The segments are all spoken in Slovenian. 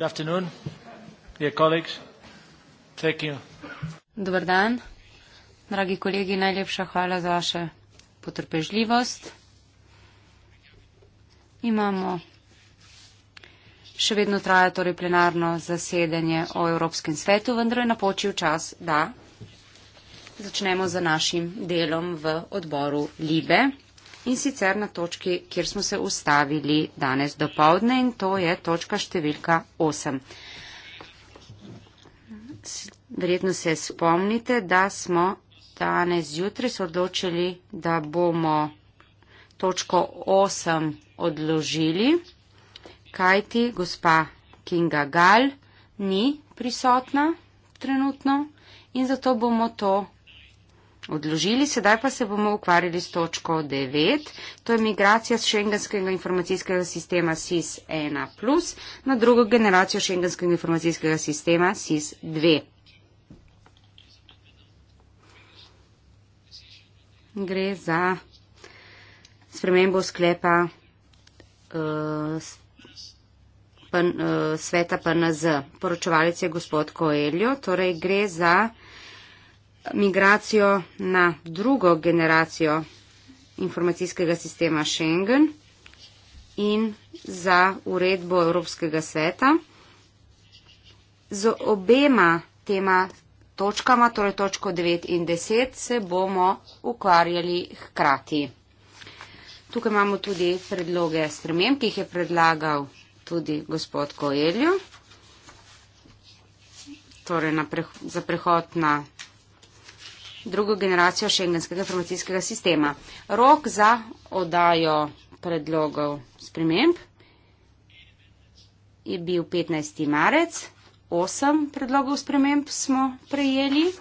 Good afternoon, dear colleagues. Thank you. Dobar dan, dragi kolegi, najlepša hvala za vašo potrpežljivost. Imamo še vedno traja torej plenarno zasedanje o Evropskem svetu, vendar je napočil čas, da začnemo z našim delom v odboru Libe in sicer na točki, kjer smo se ustavili danes do povdne in to je točka številka 8. Verjetno se spomnite, da smo danes zjutraj se odločili, da bomo točko 8 odložili, kajti gospa Kinga Gal ni prisotna trenutno in zato bomo to odložili. Sedaj pa se bomo ukvarjali s točko 9, to je migracija z šengenskega informacijskega sistema SIS-1 plus na drugo generacijo šengenskega informacijskega sistema SIS-2. Gre za spremembo sklepa uh, eh, pen, uh, eh, sveta PNZ. Poročevalec je gospod Koeljo, torej gre za migracijo na drugo generacijo informacijskega sistema Schengen in za uredbo Evropskega sveta. Z obema tema točkama, torej točko 9 in 10, se bomo ukvarjali hkrati. Tukaj imamo tudi predloge sprememb, ki jih je predlagal tudi gospod Koeljo, torej na preh za prehod na drugo generacijo šengenskega informacijskega sistema. Rok za odajo predlogov sprememb je bil 15. marec. Osem predlogov sprememb smo prejeli.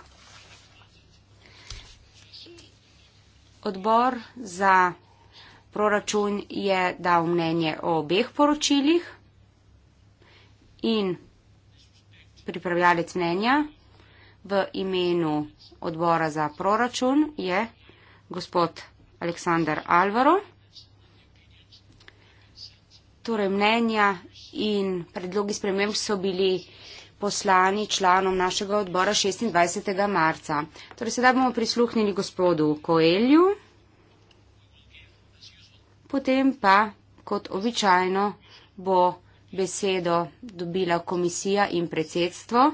Odbor za proračun je dal mnenje o obeh poročilih in pripravljalec mnenja v imenu odbora za proračun je gospod Aleksandar Alvaro. Torej mnenja in predlogi sprememb so bili poslani članom našega odbora 26. marca. Torej sedaj bomo prisluhnili gospodu Koelju, potem pa kot običajno bo besedo dobila komisija in predsedstvo.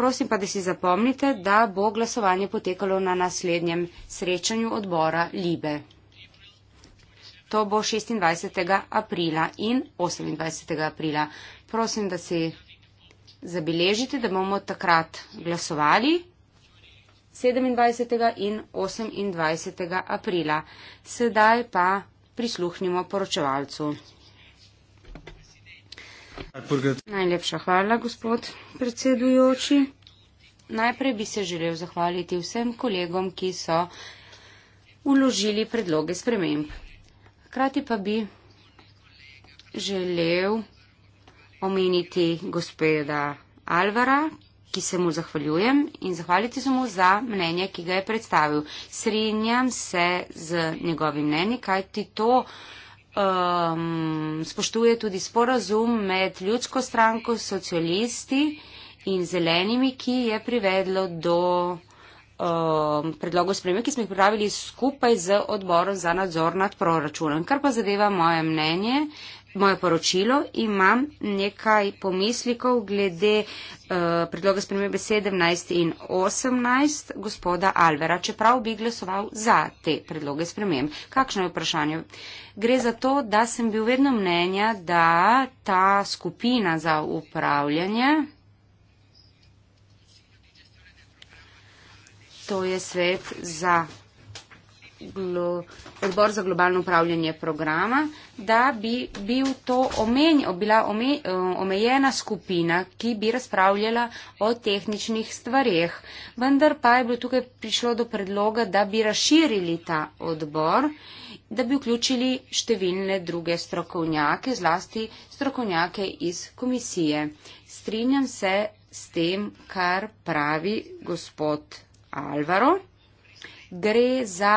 Prosim pa, da si zapomnite, da bo glasovanje potekalo na naslednjem srečanju odbora Libe. To bo 26. aprila in 28. aprila. Prosim, da si zabeležite, da bomo takrat glasovali 27. in 28. aprila. Sedaj pa prisluhnimo poročevalcu. Najlepša hvala, gospod predsedujoči. Najprej bi se želel zahvaliti vsem kolegom, ki so uložili predloge sprememb. Hkrati pa bi želel omeniti gospoda Alvara, ki se mu zahvaljujem in zahvaliti se mu za mnenje, ki ga je predstavil. Srinjam se z njegovim mnenjem, kajti to um, spoštuje tudi sporazum med ljudsko stranko, socialisti in zelenimi, ki je privedlo do um, predlogov spremembe, ki smo jih pripravili skupaj z odborom za nadzor nad proračunom. Kar pa zadeva moje mnenje, moje poročilo, imam nekaj pomislikov glede uh, predloga spremembe 17 in 18 gospoda Alvera, čeprav bi glasoval za te predloge sprememb. Kakšno je vprašanje? Gre za to, da sem bil vedno mnenja, da ta skupina za upravljanje. To je svet za glo, odbor za globalno upravljanje programa, da bi bil to omen, bila eh, omejena skupina, ki bi razpravljala o tehničnih stvarih. Vendar pa je bilo tukaj prišlo do predloga, da bi razširili ta odbor, da bi vključili številne druge strokovnjake, zlasti strokovnjake iz komisije. Strinjam se s tem, kar pravi gospod Alvaro. Gre za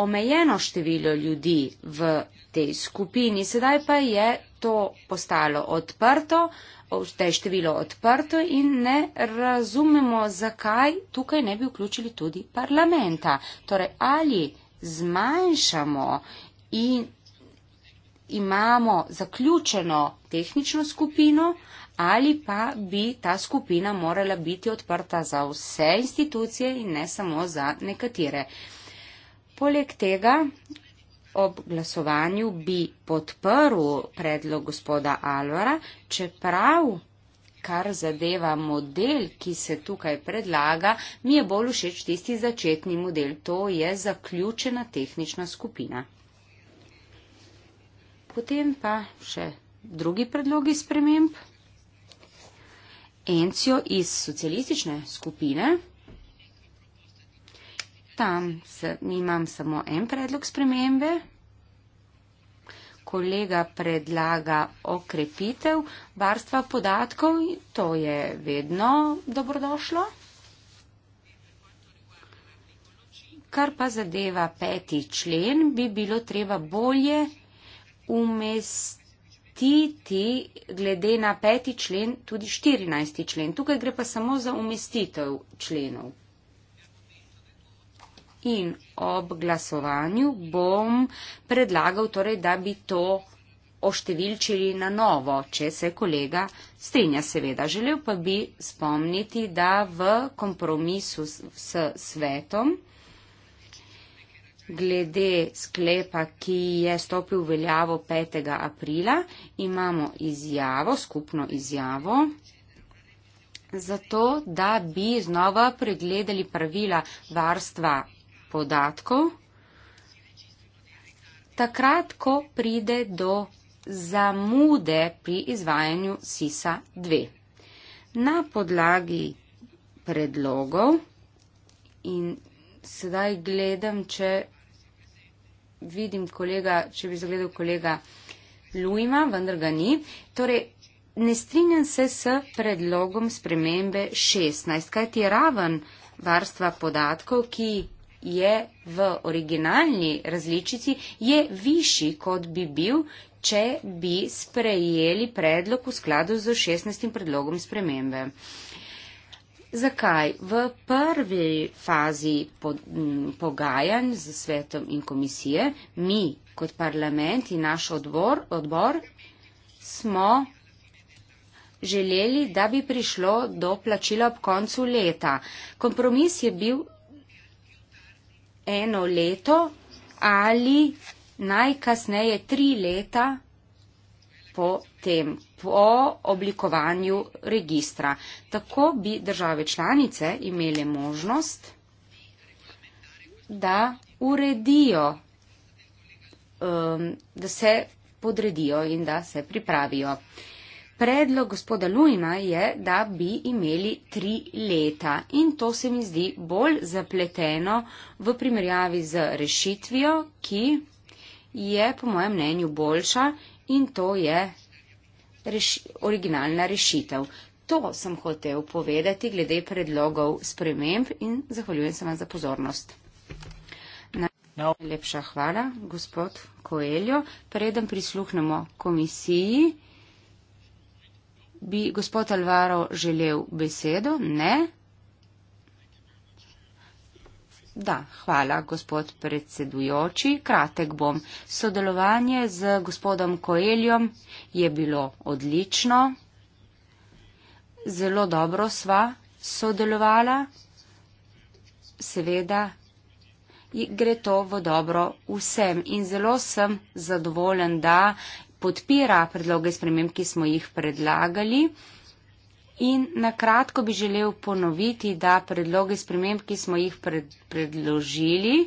omejeno število ljudi v tej skupini, sedaj pa je to postalo odprto, te število odprto in ne razumemo, zakaj tukaj ne bi vključili tudi parlamenta. Torej, ali zmanjšamo in imamo zaključeno tehnično skupino ali pa bi ta skupina morala biti odprta za vse institucije in ne samo za nekatere. Poleg tega ob glasovanju bi podprl predlog gospoda Alvara, čeprav kar zadeva model, ki se tukaj predlaga, mi je bolj všeč tisti začetni model. To je zaključena tehnična skupina. Potem pa še drugi predlogi sprememb. Encijo iz socialistične skupine. Tam se, imam samo en predlog spremembe. Kolega predlaga okrepitev varstva podatkov, to je vedno dobrodošlo. Kar pa zadeva peti člen, bi bilo treba bolje umestiti glede na peti člen tudi 14. člen. Tukaj gre pa samo za umestitev členov in ob glasovanju bom predlagal, torej, da bi to oštevilčili na novo, če se kolega strinja seveda. Želel pa bi spomniti, da v kompromisu s, s svetom glede sklepa, ki je stopil v veljavo 5. aprila, imamo izjavo, skupno izjavo, zato da bi znova pregledali pravila varstva podatkov, takrat, ko pride do zamude pri izvajanju SISA 2. Na podlagi predlogov in sedaj gledam, če vidim kolega, če bi zagledal kolega Lujma, vendar ga ni. Torej, ne strinjam se s predlogom spremembe 16, kajti je raven varstva podatkov, ki je v originalni različici je višji, kot bi bil, če bi sprejeli predlog v skladu z 16. predlogom spremembe. Zakaj? V prvi fazi pogajanj z svetom in komisije mi kot parlament in naš odbor, odbor smo želeli, da bi prišlo do plačila ob koncu leta. Kompromis je bil eno leto ali najkasneje tri leta po tem, po oblikovanju registra. Tako bi države članice imele možnost, da uredijo, um, da se podredijo in da se pripravijo. Predlog gospoda Lujna je, da bi imeli tri leta in to se mi zdi bolj zapleteno v primerjavi z rešitvijo, ki je po mojem mnenju boljša in to je reši originalna rešitev. To sem hotel povedati glede predlogov sprememb in zahvaljujem se vam za pozornost. Najlepša hvala, gospod Koeljo. Preden prisluhnemo komisiji. Bi gospod Alvaro želel besedo? Ne. Da, hvala, gospod predsedujoči. Kratek bom. Sodelovanje z gospodom Koeljom je bilo odlično. Zelo dobro sva sodelovala. Seveda gre to v dobro vsem in zelo sem zadovoljen, da podpira predloge sprememb, ki smo jih predlagali. In na kratko bi želel ponoviti, da predloge sprememb, ki smo jih pred, predložili,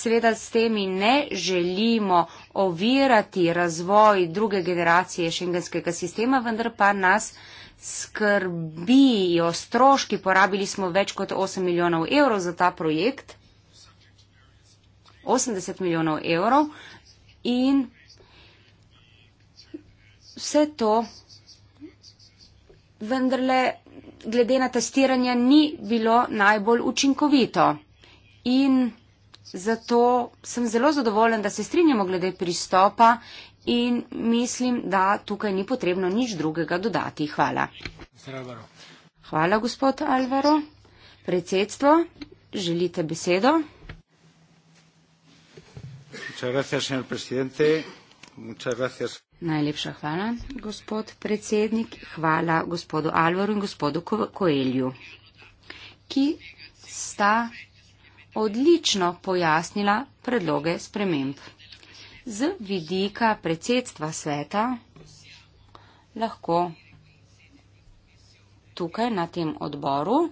seveda s temi ne želimo ovirati razvoj druge generacije šengenskega sistema, vendar pa nas skrbijo stroški, porabili smo več kot 8 milijonov evrov za ta projekt, 80 milijonov evrov in vse to vendarle glede na testiranje ni bilo najbolj učinkovito. In zato sem zelo zadovoljen, da se strinjamo glede pristopa in mislim, da tukaj ni potrebno nič drugega dodati. Hvala. Hvala, gospod Alvaro. Predsedstvo, želite besedo? Muchas gracias, señor presidente. Muchas gracias. Najlepša hvala, gospod predsednik. Hvala gospodu Alvaru in gospodu Koelju, ki sta odlično pojasnila predloge sprememb. Z vidika predsedstva sveta lahko tukaj na tem odboru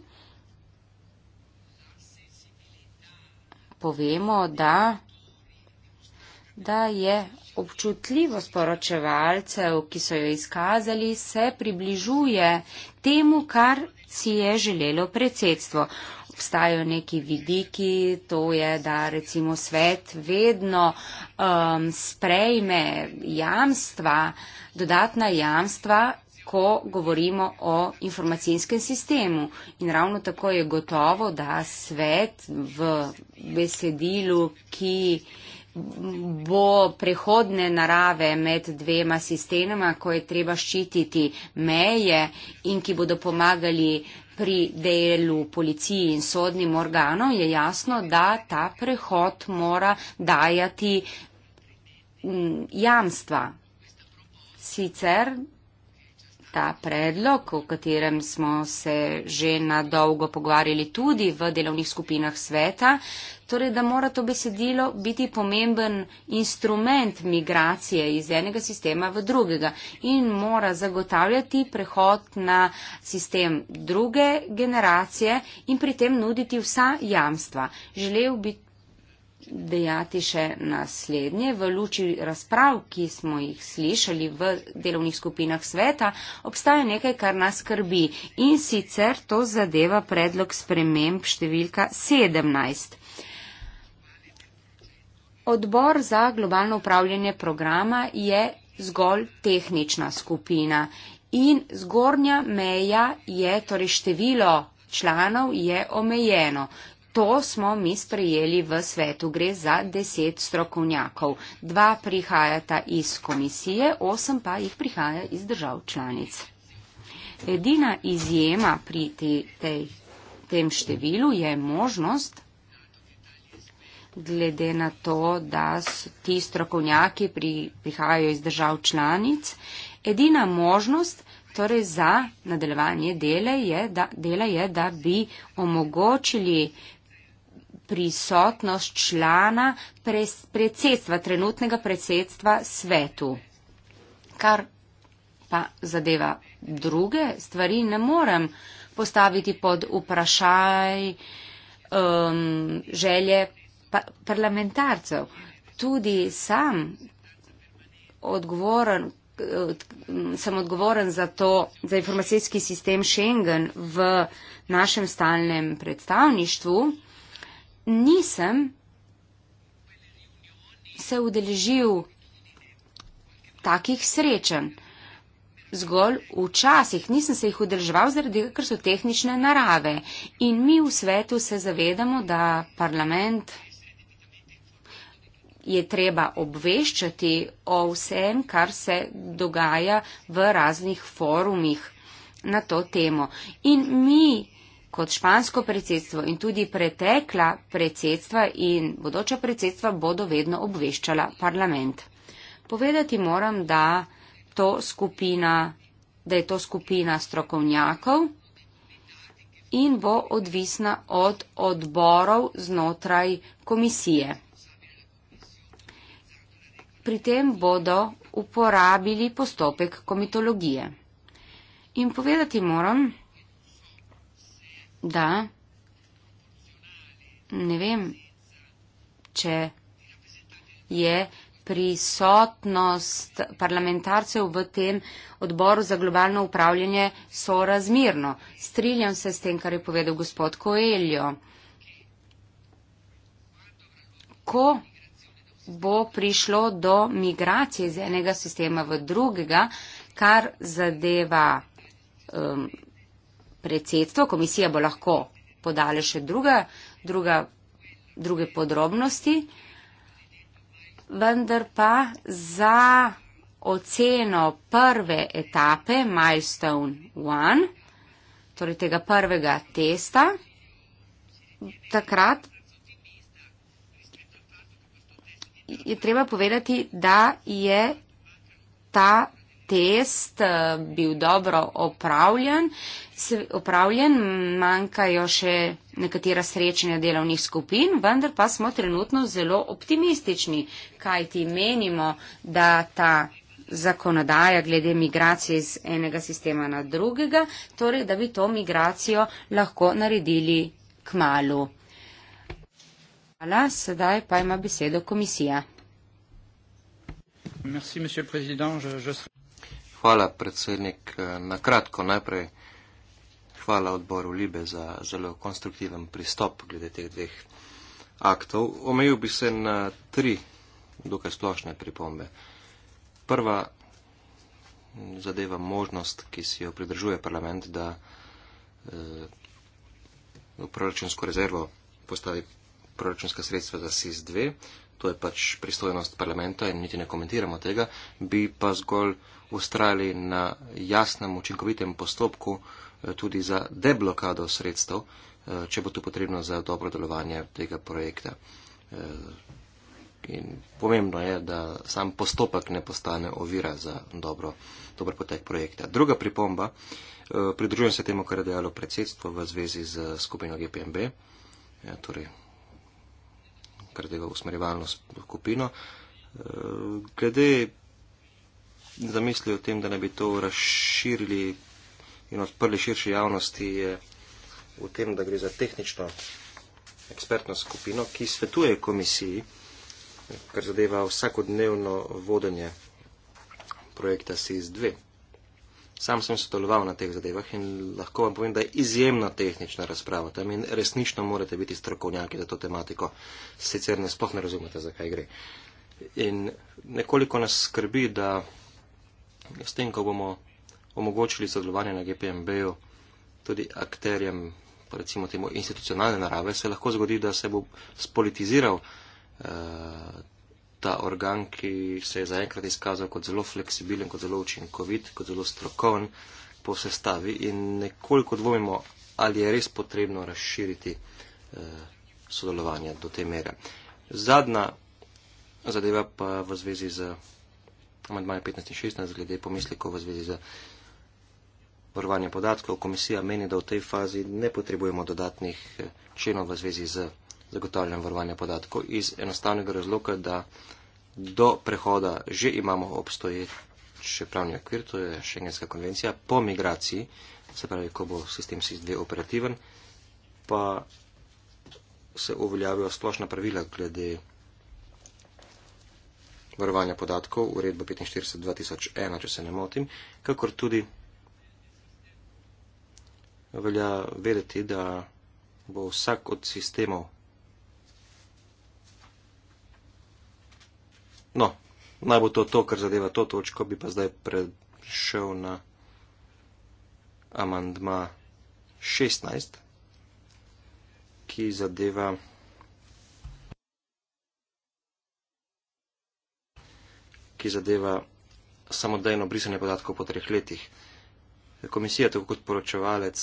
povemo, da da je občutljivost poročevalcev, ki so jo izkazali, se približuje temu, kar si je želelo predsedstvo. Obstajajo neki vidiki, to je, da recimo svet vedno um, sprejme jamstva, dodatna jamstva, ko govorimo o informacijskem sistemu. In ravno tako je gotovo, da svet v besedilu, ki bo prehodne narave med dvema sistemama, ko je treba ščititi meje in ki bodo pomagali pri delu policiji in sodnim organom, je jasno, da ta prehod mora dajati mm, jamstva. Sicer ta predlog, o katerem smo se že na dolgo pogovarjali tudi v delovnih skupinah sveta, Torej, da mora to besedilo biti pomemben instrument migracije iz enega sistema v drugega in mora zagotavljati prehod na sistem druge generacije in pri tem nuditi vsa jamstva. Želel bi dejati še naslednje v luči razprav, ki smo jih slišali v delovnih skupinah sveta, obstaja nekaj, kar nas skrbi in sicer to zadeva predlog sprememb številka 17. Odbor za globalno upravljanje programa je zgolj tehnična skupina in zgornja meja je, torej število članov je omejeno. To smo mi sprejeli v svetu. Gre za deset strokovnjakov. Dva prihajata iz komisije, osem pa jih prihaja iz držav članic. Edina izjema pri te, tej, tem številu je možnost glede na to, da so ti strokovnjaki pri, prihajajo iz držav članic. Edina možnost torej za nadaljevanje dele je, da, dela je, da bi omogočili prisotnost člana predsedstva, trenutnega predsedstva svetu. Kar pa zadeva druge stvari, ne morem postaviti pod vprašaj um, želje pa, parlamentarcev, tudi sam odgovoren, eh, sem odgovoren za to, za informacijski sistem Schengen v našem stalnem predstavništvu, nisem se udeležil takih srečanj. Zgolj včasih nisem se jih udeleževal zaradi tega, ker so tehnične narave. In mi v svetu se zavedamo, da parlament je treba obveščati o vsem, kar se dogaja v raznih forumih na to temo. In mi kot špansko predsedstvo in tudi pretekla predsedstva in bodoča predsedstva bodo vedno obveščala parlament. Povedati moram, da, to skupina, da je to skupina strokovnjakov in bo odvisna od odborov znotraj komisije pri tem bodo uporabili postopek komitologije. In povedati moram, da ne vem, če je prisotnost parlamentarcev v tem odboru za globalno upravljanje sorazmirno. Striljam se s tem, kar je povedal gospod Koeljo. Ko bo prišlo do migracije iz enega sistema v drugega, kar zadeva um, predsedstvo. Komisija bo lahko podala še druga, druga, druge podrobnosti, vendar pa za oceno prve etape Milestone 1, torej tega prvega testa, takrat je treba povedati, da je ta test eh, bil dobro opravljen. Se, opravljen, manjkajo še nekatera srečanja delovnih skupin, vendar pa smo trenutno zelo optimistični, kaj ti menimo, da ta zakonodaja glede migracije iz enega sistema na drugega, torej da bi to migracijo lahko naredili k malu. Hvala. Sedaj pa ima besedo komisija. Hvala, predsednik. Na kratko najprej. Hvala odboru Libe za zelo konstruktiven pristop glede teh dveh aktov. Omejil bi se na tri dokaj splošne pripombe. Prva zadeva možnost, ki si jo pridržuje parlament, da eh, v proračunsko rezervo postavi proračunska sredstva za SIS-2, to je pač pristojnost parlamenta in niti ne komentiramo tega, bi pa zgolj ustrajali na jasnem, učinkovitem postopku eh, tudi za deblokado sredstev, eh, če bo to potrebno za dobro delovanje tega projekta. Eh, in pomembno je, da sam postopek ne postane ovira za dobro, dober potek projekta. Druga pripomba, pridružujem se temu, kar je dejalo predsedstvo v zvezi z skupino GPMB, torej kar deva usmerjevalno skupino. Eh, glede zamisli o tem, da ne bi to razširili in odprli širši javnosti, je v tem, da gre za tehnično ekspertno skupino, ki svetuje komisiji, kar zadeva vsakodnevno vodenje projekta SIS 2. Sam sem sodeloval na teh zadevah in lahko vam povem, da je izjemna tehnična razprava tam in resnično morate biti strokovnjaki za to tematiko, sicer ne sploh ne razumete, zakaj gre. In nekoliko nas skrbi, da s tem, ko bomo omogočili sodelovanje na GPMB-ju tudi akterjem, recimo temu institucionalne narave, se lahko zgodi, da se bo spolitiziral uh, ta organ, ki se je zaenkrat izkazal kot zelo fleksibilen, kot zelo učinkovit, kot zelo strokoven po sestavi in nekoliko dvomimo, ali je res potrebno razširiti eh, sodelovanje do te mere. Zadnja zadeva pa v zvezi z amadmaje 15 in 16, glede pomisliko v zvezi z varovanjem podatkov, komisija meni, da v tej fazi ne potrebujemo dodatnih eh, členov v zvezi z zagotavljanjem varovanja podatkov iz enostavnega razloga, da eh, do prehoda že imamo obstoječe pravni okvir, to je Schengenska konvencija, po migraciji, se pravi, ko bo sistem SIS-2 operativen, pa se uveljavijo splošna pravila glede varovanja podatkov, uredba 45.2001, če se ne motim, kakor tudi velja vedeti, da bo vsak od sistemov No, naj bo to to, kar zadeva to točko, bi pa zdaj prešel na amandma 16, ki zadeva ki zadeva samodejno brisanje podatkov po treh letih. Komisija, tako kot poročevalec,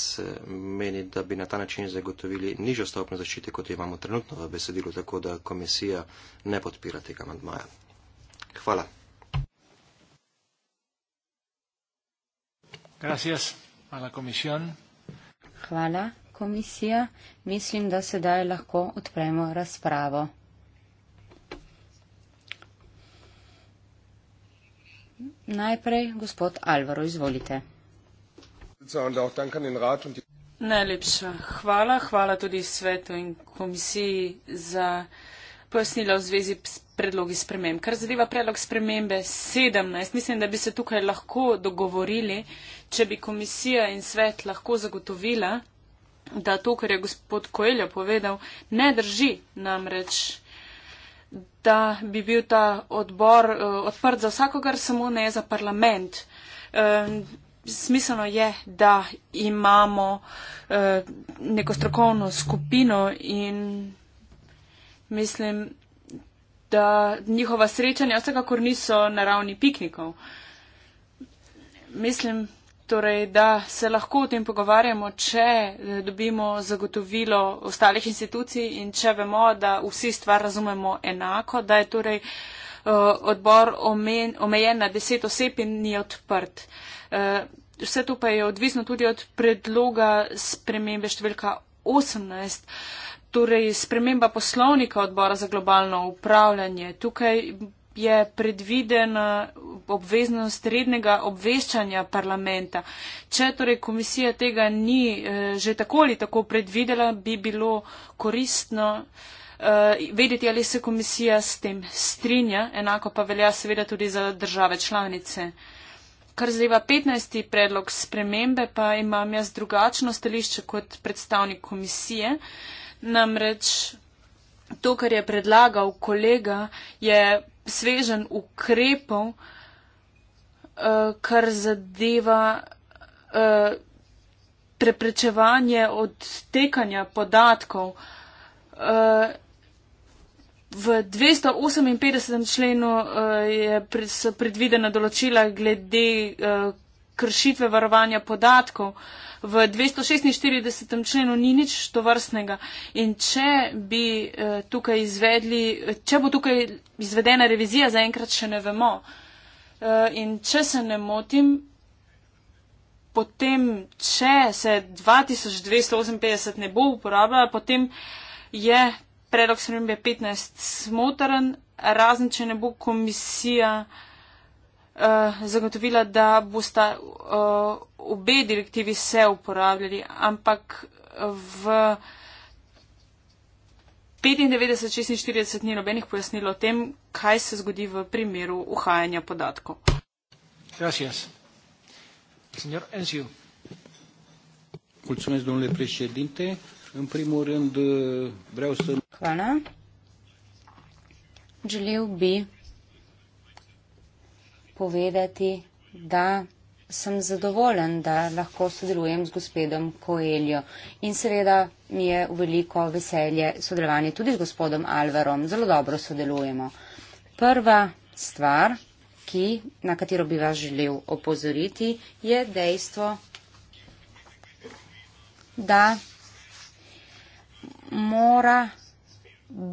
meni, da bi na ta način zagotovili nižjo stopnjo zaščite, kot jo imamo trenutno v besedilu, tako da komisija ne podpira tega amandmaja. Hvala. Gracias. Hvala, komisijon. Hvala, komisija. Mislim, da sedaj lahko odpremo razpravo. Najprej, gospod Alvaro, izvolite. Najlepša hvala. Hvala tudi svetu in komisiji za pojasnila v zvezi s predlogi sprememb. Kar zadeva predlog spremembe 17, mislim, da bi se tukaj lahko dogovorili, če bi komisija in svet lahko zagotovila, da to, kar je gospod Koeljo povedal, ne drži namreč, da bi bil ta odbor uh, odprt za vsakogar, samo ne za parlament. Um, Smiselno je, da imamo uh, neko strokovno skupino in mislim, da njihova srečanja vsekakor niso na ravni piknikov. Mislim torej, da se lahko o tem pogovarjamo, če eh, dobimo zagotovilo ostalih institucij in če vemo, da vsi stvar razumemo enako, da je torej eh, odbor omen, omejen na deset oseb in ni odprt. Eh, vse to pa je odvisno tudi od predloga spremembe številka 18. Torej, sprememba poslovnika odbora za globalno upravljanje. Tukaj je predvidena obveznost rednega obveščanja parlamenta. Če torej komisija tega ni eh, že tako ali tako predvidela, bi bilo koristno eh, vedeti, ali se komisija s tem strinja. Enako pa velja seveda tudi za države članice. Kar zadeva 15. predlog spremembe, pa imam jaz drugačno stališče kot predstavnik komisije. Uh, Namreč to, kar je predlagal kolega, je svežen ukrepov, eh, kar zadeva eh, preprečevanje odtekanja podatkov. Eh, v 258. členu so predvidena določila glede kršitve varovanja podatkov. V 246. členu ni nič to vrstnega. In če, eh, izvedli, če bo tukaj izvedena revizija, zaenkrat še ne vemo. Eh, in če se ne motim, potem, če se 2258 ne bo uporabljala, potem je predlog spremembe 15 smotaren, razen če ne bo komisija. Eh, zagotovila, da bosta uh, obe direktivi se uporabljali, ampak v 95-46 ni nobenih pojasnil o tem, kaj se zgodi v primeru uhajanja podatkov. Gracias. Senor Enziu. Mulțumesc, domnule președinte. În primul rând, vreau să... Hvala. Želil bi povedati, da sem zadovoljen, da lahko sodelujem z gospodom Koeljo. In seveda mi je v veliko veselje sodelovanje tudi z gospodom Alvarom. Zelo dobro sodelujemo. Prva stvar, ki, na katero bi vas želel opozoriti, je dejstvo, da mora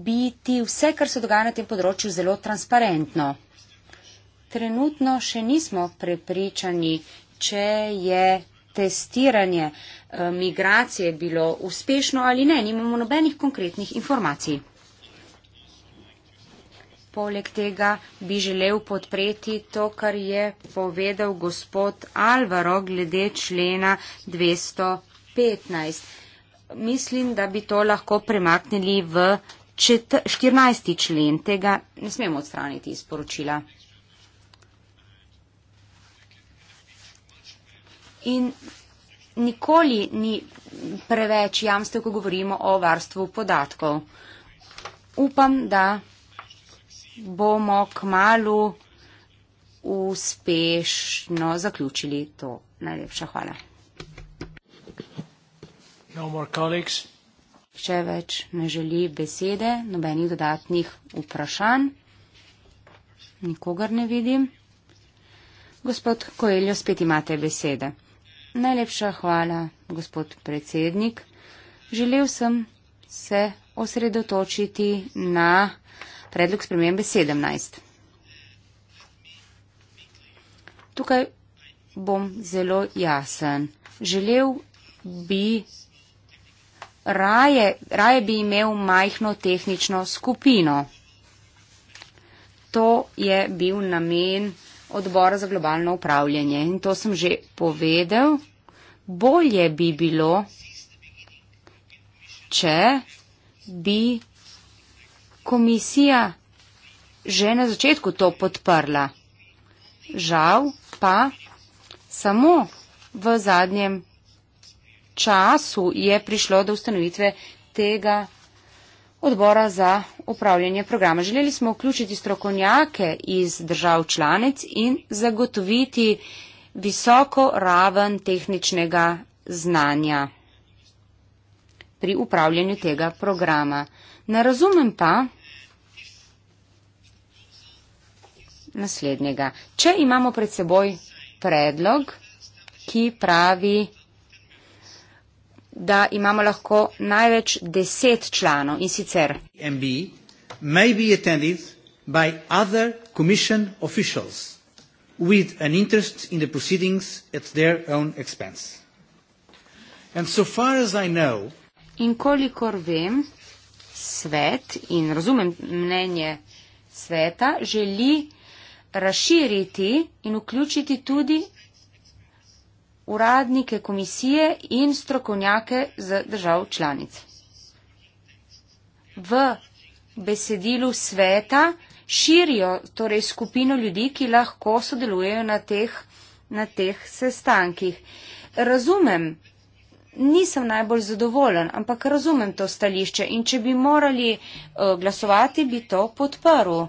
biti vse, kar se dogaja na tem področju, zelo transparentno trenutno še nismo prepričani, če je testiranje eh, migracije bilo uspešno ali ne. Nimamo nobenih konkretnih informacij. Poleg tega bi želel podpreti to, kar je povedal gospod Alvaro glede člena 215. Mislim, da bi to lahko premaknili v 14. člen. Tega ne smemo odstraniti iz poročila. In nikoli ni preveč jamstev, ko govorimo o varstvu podatkov. Upam, da bomo k malu uspešno zaključili to. Najlepša hvala. No Še več ne želi besede, nobenih dodatnih vprašanj. Nikogar ne vidim. Gospod Koeljo, spet imate besede. Najlepša hvala, gospod predsednik. Želel sem se osredotočiti na predlog spremembe 17. Tukaj bom zelo jasen. Želel bi, raje, raje bi imel majhno tehnično skupino. To je bil namen odbora za globalno upravljanje. In to sem že povedal. Bolje bi bilo, če bi komisija že na začetku to podprla. Žal pa samo v zadnjem času je prišlo do ustanovitve tega odbora za upravljanje programa. Želeli smo vključiti strokovnjake iz držav članic in zagotoviti visoko raven tehničnega znanja pri upravljanju tega programa. Ne razumem pa naslednjega. Če imamo pred seboj predlog, ki pravi, da imamo lahko največ deset članov in sicer know, in kolikor vem, svet in razumem mnenje sveta želi razširiti in vključiti tudi uradnike komisije in strokovnjake z držav članic. V besedilu sveta širijo torej skupino ljudi, ki lahko sodelujejo na teh, na teh sestankih. Razumem, nisem najbolj zadovoljen, ampak razumem to stališče in če bi morali eh, glasovati, bi to podprl.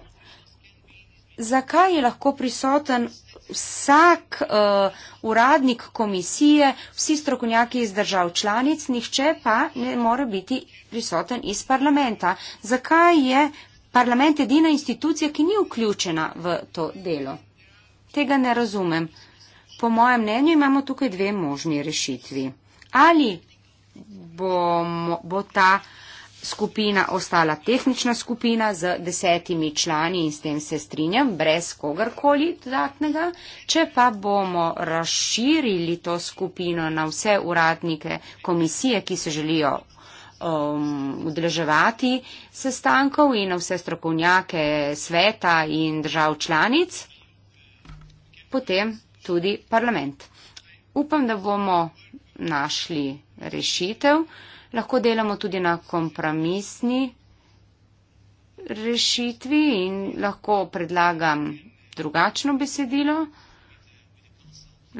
Zakaj je lahko prisoten vsak uh, uradnik komisije, vsi strokovnjaki iz držav članic, nihče pa ne more biti prisoten iz parlamenta. Zakaj je parlament edina institucija, ki ni vključena v to delo? Tega ne razumem. Po mojem mnenju imamo tukaj dve možni rešitvi. Ali bo, bo ta skupina ostala tehnična skupina z desetimi člani in s tem se strinjam, brez kogarkoli dodatnega. Če pa bomo razširili to skupino na vse uradnike komisije, ki se želijo um, udeleževati um, sestankov in na vse strokovnjake sveta in držav članic, potem tudi parlament. Upam, da bomo našli rešitev lahko delamo tudi na kompromisni rešitvi in lahko predlagam drugačno besedilo.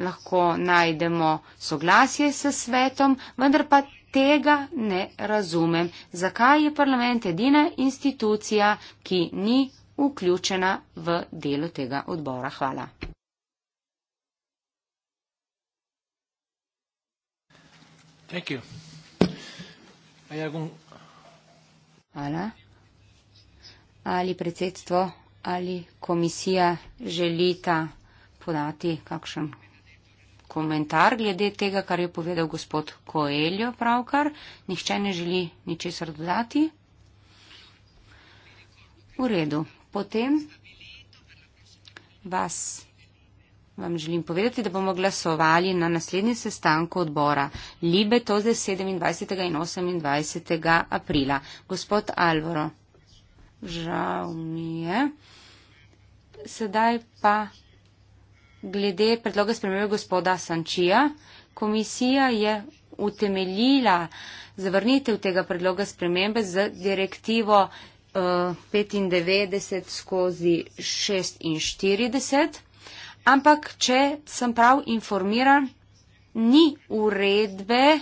Lahko najdemo soglasje s svetom, vendar pa tega ne razumem. Zakaj je parlament edina institucija, ki ni vključena v delo tega odbora? Hvala. Thank you. Hay algún... Hola. Ali predsedstvo ali komisija želita podati kakšen komentar glede tega, kar je povedal gospod Koeljo pravkar. Nihče ne želi ničesar dodati. V redu. Potem vas vam želim povedati, da bomo glasovali na naslednji sestanku odbora Libe, to zdaj 27. in 28. aprila. Gospod Alvaro, žal mi je. Sedaj pa glede predloga spremembe gospoda Sančija. Komisija je utemeljila zavrnitev tega predloga spremembe z direktivo uh, eh, 95 skozi 46. Ampak, če sem prav informiran, ni uredbe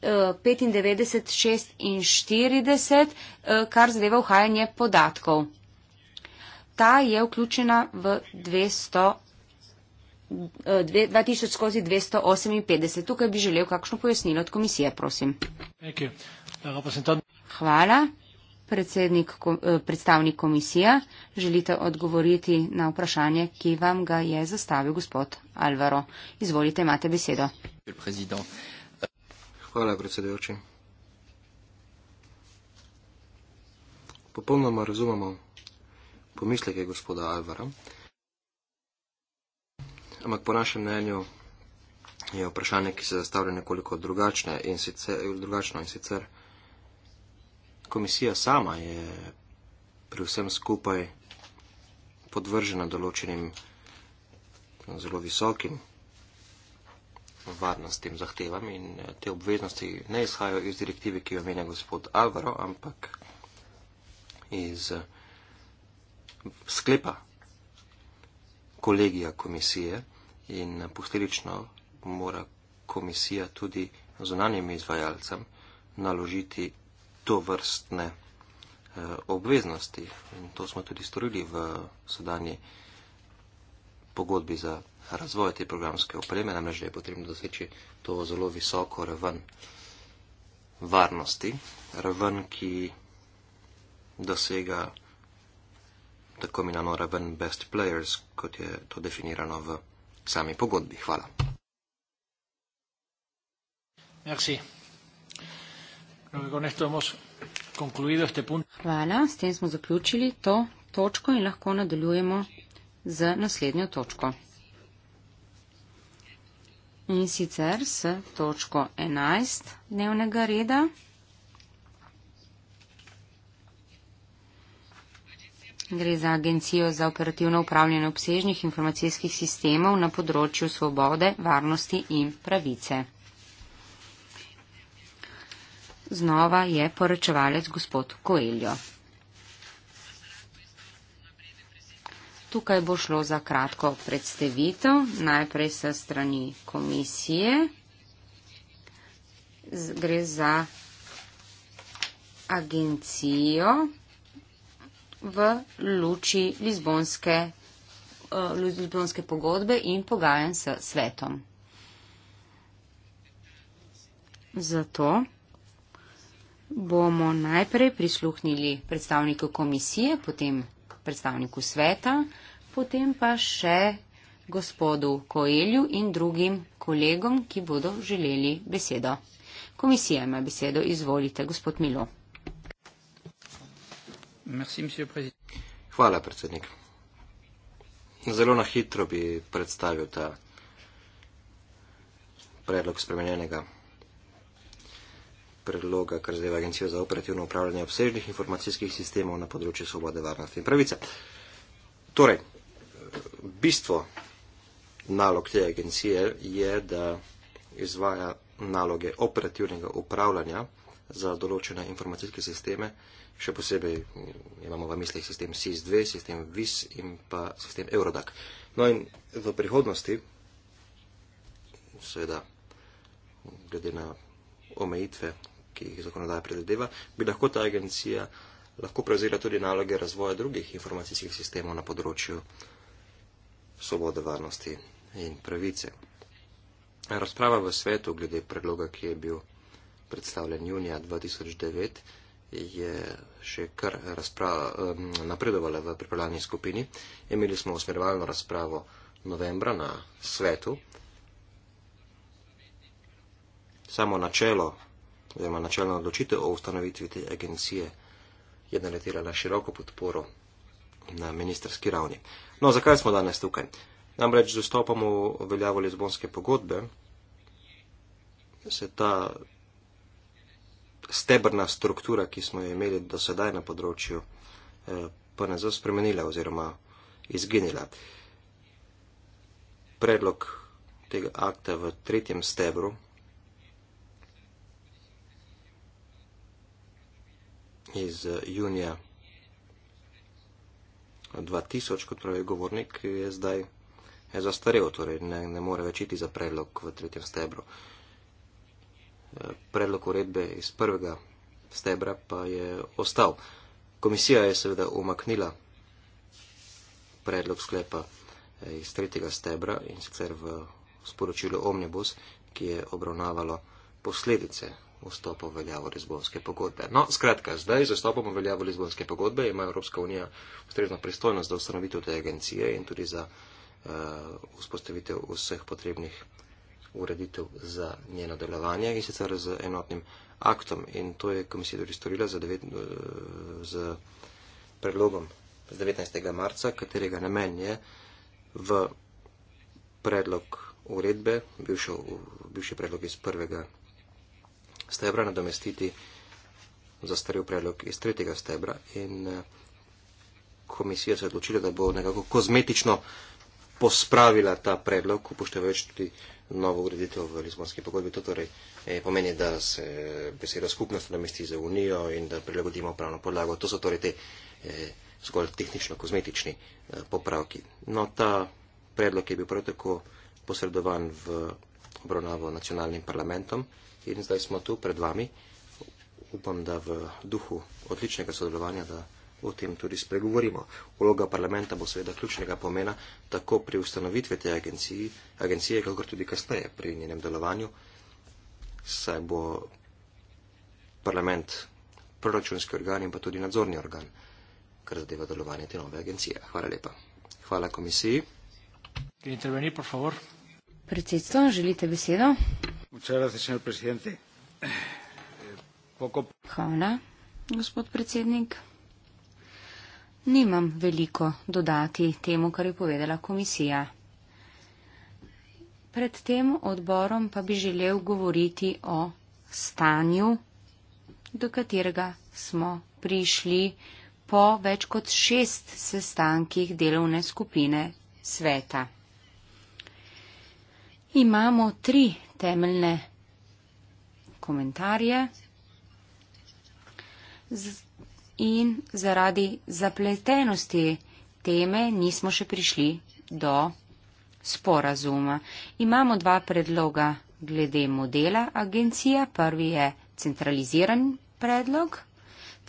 95.46, eh, eh, kar zadeva uhajanje podatkov. Ta je vključena v 200. 2000 eh, skozi 258. Tukaj bi želel kakšno pojasnilo od komisije, prosim. Hvala predsednik, eh, predstavnik komisije, želite odgovoriti na vprašanje, ki vam ga je zastavil gospod Alvaro. Izvolite, imate besedo. Hvala, predsedujoči. Popolnoma razumemo pomisleke gospoda Alvara, ampak po našem mnenju je vprašanje, ki se zastavlja nekoliko drugačno in sicer komisija sama je pri vsem skupaj podvržena določenim no, zelo visokim varnostnim zahtevam in eh, te obveznosti ne izhajajo iz direktive, ki jo menja gospod Alvaro, ampak iz eh, sklepa kolegija komisije in posledično mora komisija tudi zunanjim izvajalcem naložiti to vrstne eh, obveznosti. In to smo tudi storili v sodanji pogodbi za razvoj te programske opreme, namreč da je potrebno doseči to zelo visoko raven varnosti, raven, ki dosega tako imenovano raven best players, kot je to definirano v sami pogodbi. Hvala. Merci. Con esto hemos concluido este punto. Hvala, s tem smo zaključili to točko in lahko nadaljujemo z naslednjo točko. In sicer s točko 11 dnevnega reda. Gre za Agencijo za operativno upravljanje obsežnih informacijskih sistemov na področju svobode, varnosti in pravice. Znova je poročevalec gospod Koeljo. Tukaj bo šlo za kratko predstavitev, najprej se strani komisije. Gre za agencijo v luči Lizbonske, uh, Lizbonske pogodbe in pogajanj s svetom. Zato bomo najprej prisluhnili predstavniku komisije, potem predstavniku sveta, potem pa še gospodu Koelju in drugim kolegom, ki bodo želeli besedo. Komisija ima besedo, izvolite, gospod Milo. Hvala, predsednik. Zelo na hitro bi predstavil ta predlog spremenjenega predloga, kar zdaj Agencija za operativno upravljanje obsežnih informacijskih sistemov na področju svobode, varnosti in pravice. Torej, bistvo nalog te agencije je, da izvaja naloge operativnega upravljanja za določene informacijske sisteme, še posebej mm, imamo v mislih sistem SIS-2, sistem VIS in pa sistem Eurodac. No in v prihodnosti, seveda, glede na omejitve ki jih zakonodaja predvideva, bi lahko ta agencija lahko prevzela tudi naloge razvoja drugih informacijskih sistemov na področju svobode, varnosti in pravice. Razprava v svetu glede predloga, ki je bil predstavljen junija 2009, je še kar napredovala v pripravljalni skupini. Imeli smo usmerovalno razpravo novembra na svetu. Samo načelo oziroma načelna odločitev o ustanovitvi te agencije je naletela na široko podporo na ministerski ravni. No, zakaj smo danes tukaj? Namreč z vstopom v veljavo Lizbonske pogodbe se ta stebrna struktura, ki smo jo imeli do sedaj na področju eh, PNZ, spremenila oziroma izginila. Predlog tega akta v tretjem stebru iz eh, junija 2000, kot pravi govornik, je zdaj je zastarel, torej ne, ne more več iti za predlog v tretjem stebru. Eh, predlog uredbe iz prvega stebra pa je ostal. Komisija je seveda umaknila predlog sklepa eh, iz tretjega stebra in sicer v sporočilu Omnibus, ki je obravnavalo posledice vstopa v veljavo Lizbonske pogodbe. No, skratka, zdaj z vstopom v veljavo Lizbonske pogodbe ima Evropska unija ustrezno pristojnost za ustanovitev te agencije in tudi za uh, vzpostavitev vseh potrebnih ureditev za njeno delovanje in sicer z enotnim aktom. In to je komisija tudi storila z, devet, eh, z predlogom z 19. marca, katerega namen je v predlog uredbe, bivši predlog iz prvega stebra nadomestiti zastarel predlog iz tretjega stebra. In eh, komisija se je odločila, da bo nekako kozmetično pospravila ta predlog, upoštevajoč tudi novo ureditev v Lizbonski pogodbi. To torej eh, pomeni, da se eh, beseda skupnost nadomesti za unijo in da prilagodimo pravno podlago. To so torej te zgolj tehnično-kozmetični popravki. No, ta predlog je bil prav tako posredovan v obravnavo nacionalnim parlamentom in zdaj smo tu pred vami. Upam, da v duhu odličnega sodelovanja, da o tem tudi spregovorimo. Uloga parlamenta bo seveda ključnega pomena tako pri ustanovitvi te agencije, agencije kakor tudi kasneje pri njenem delovanju, saj bo parlament proračunski organ in pa tudi nadzorni organ, kar zadeva delovanje te nove agencije. Hvala lepa. Hvala komisiji. Predsedstvo, želite besedo? Eh, Hvala, gospod predsednik. Nimam veliko dodati temu, kar je povedala komisija. Pred tem odborom pa bi želel govoriti o stanju, do katerega smo prišli po več kot šest sestankih delovne skupine sveta. Imamo tri temeljne komentarje Z in zaradi zapletenosti teme nismo še prišli do sporazuma. Imamo dva predloga glede modela agencija. Prvi je centraliziran predlog,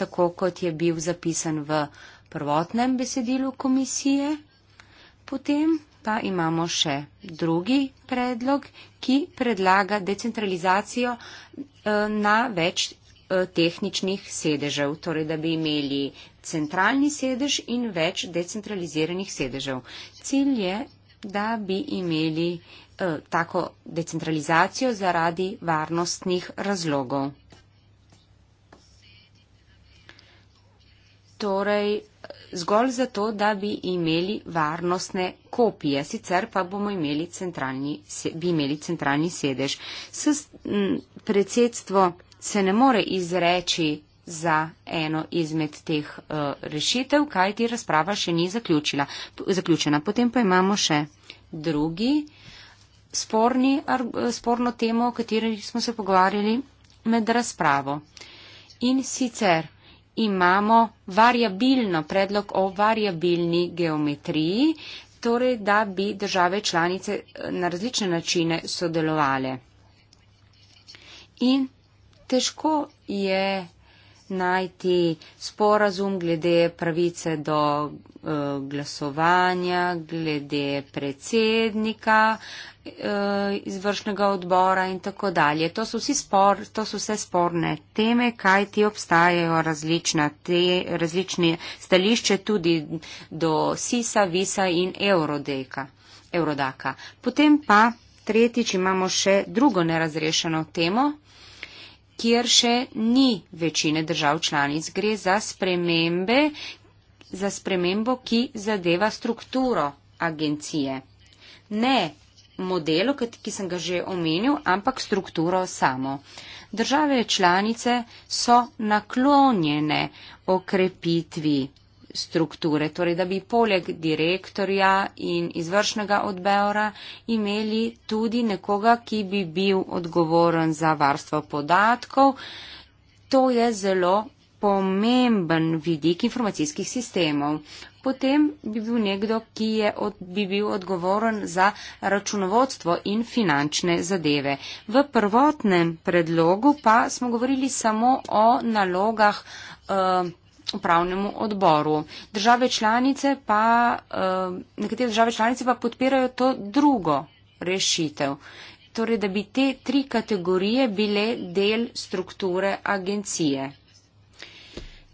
tako kot je bil zapisan v prvotnem besedilu komisije. Potem pa imamo še drugi predlog, ki predlaga decentralizacijo eh, na več eh, tehničnih sedežev, torej da bi imeli centralni sedež in več decentraliziranih sedežev. Cilj je, da bi imeli eh, tako decentralizacijo zaradi varnostnih razlogov. Torej, zgolj zato, da bi imeli varnostne kopije, sicer pa bomo imeli centralni, bi imeli centralni sedež. S, m, predsedstvo se ne more izreči za eno izmed teh uh, rešitev, kaj ti razprava še ni zaključila, zaključena. Potem pa imamo še drugi sporni, ar, sporno temo, o kateri smo se pogovarjali med razpravo. In sicer imamo variabilno, predlog o variabilni geometriji, torej da bi države članice eh, na različne načine sodelovale. In težko je najti sporazum glede pravice do eh, glasovanja, glede predsednika eh, izvršnega odbora in tako dalje. To so, spor, to so vse sporne teme, kaj ti obstajajo različna te, različne stališče tudi do SISA, VISA in Eurodeka, Eurodaka. Potem pa tretjič imamo še drugo nerazrešeno temo kjer še ni večine držav članic. Gre za spremembe, za spremembo, ki zadeva strukturo agencije. Ne modelo, ki sem ga že omenil, ampak strukturo samo. Države članice so naklonjene okrepitvi strukture, torej da bi poleg direktorja in izvršnega odbora imeli tudi nekoga, ki bi bil odgovoren za varstvo podatkov. To je zelo pomemben vidik informacijskih sistemov. Potem bi bil nekdo, ki je od, bi bil odgovoren za računovodstvo in finančne zadeve. V prvotnem predlogu pa smo govorili samo o nalogah uh, upravnemu odboru. Države članice pa, eh, nekatere države članice pa podpirajo to drugo rešitev. Torej, da bi te tri kategorije bile del strukture agencije.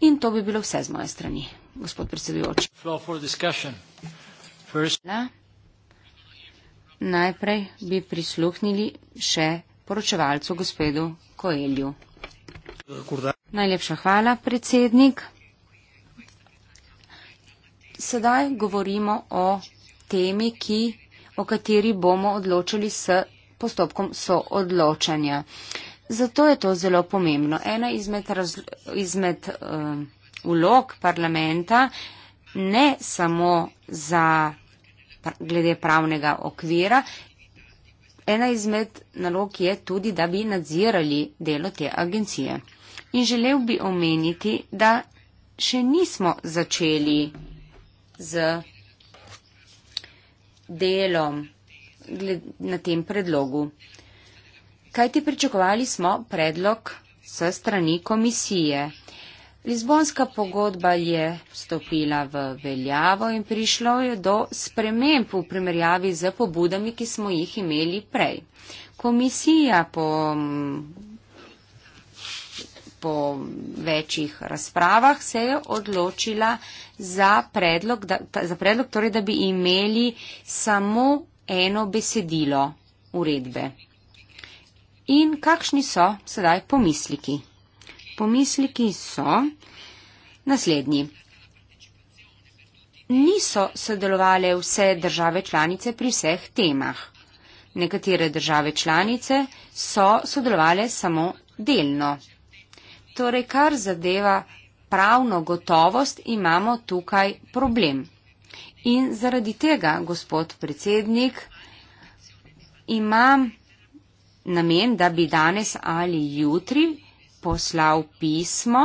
In to bi bilo vse z moje strani, gospod predsedujoči. Najprej bi prisluhnili še poročevalcu gospodu Koelju. Najlepša hvala, predsednik sedaj govorimo o temi, ki, o kateri bomo odločili s postopkom soodločanja. Zato je to zelo pomembno. Ena izmed, razlo, izmed uh, eh, ulog parlamenta, ne samo za pr glede pravnega okvira, ena izmed nalog je tudi, da bi nadzirali delo te agencije. In želel bi omeniti, da še nismo začeli z delom na tem predlogu. Kaj ti pričakovali smo predlog s strani komisije? Lizbonska pogodba je stopila v veljavo in prišlo je do sprememb v primerjavi z pobudami, ki smo jih imeli prej. Komisija po po večjih razpravah se je odločila za predlog, da, za predlog torej, da bi imeli samo eno besedilo uredbe. In kakšni so sedaj pomisliki? Pomisliki so naslednji. Niso sodelovale vse države članice pri vseh temah. Nekatere države članice so sodelovale samo delno. Torej, kar zadeva pravno gotovost, imamo tukaj problem. In zaradi tega, gospod predsednik, imam namen, da bi danes ali jutri poslal pismo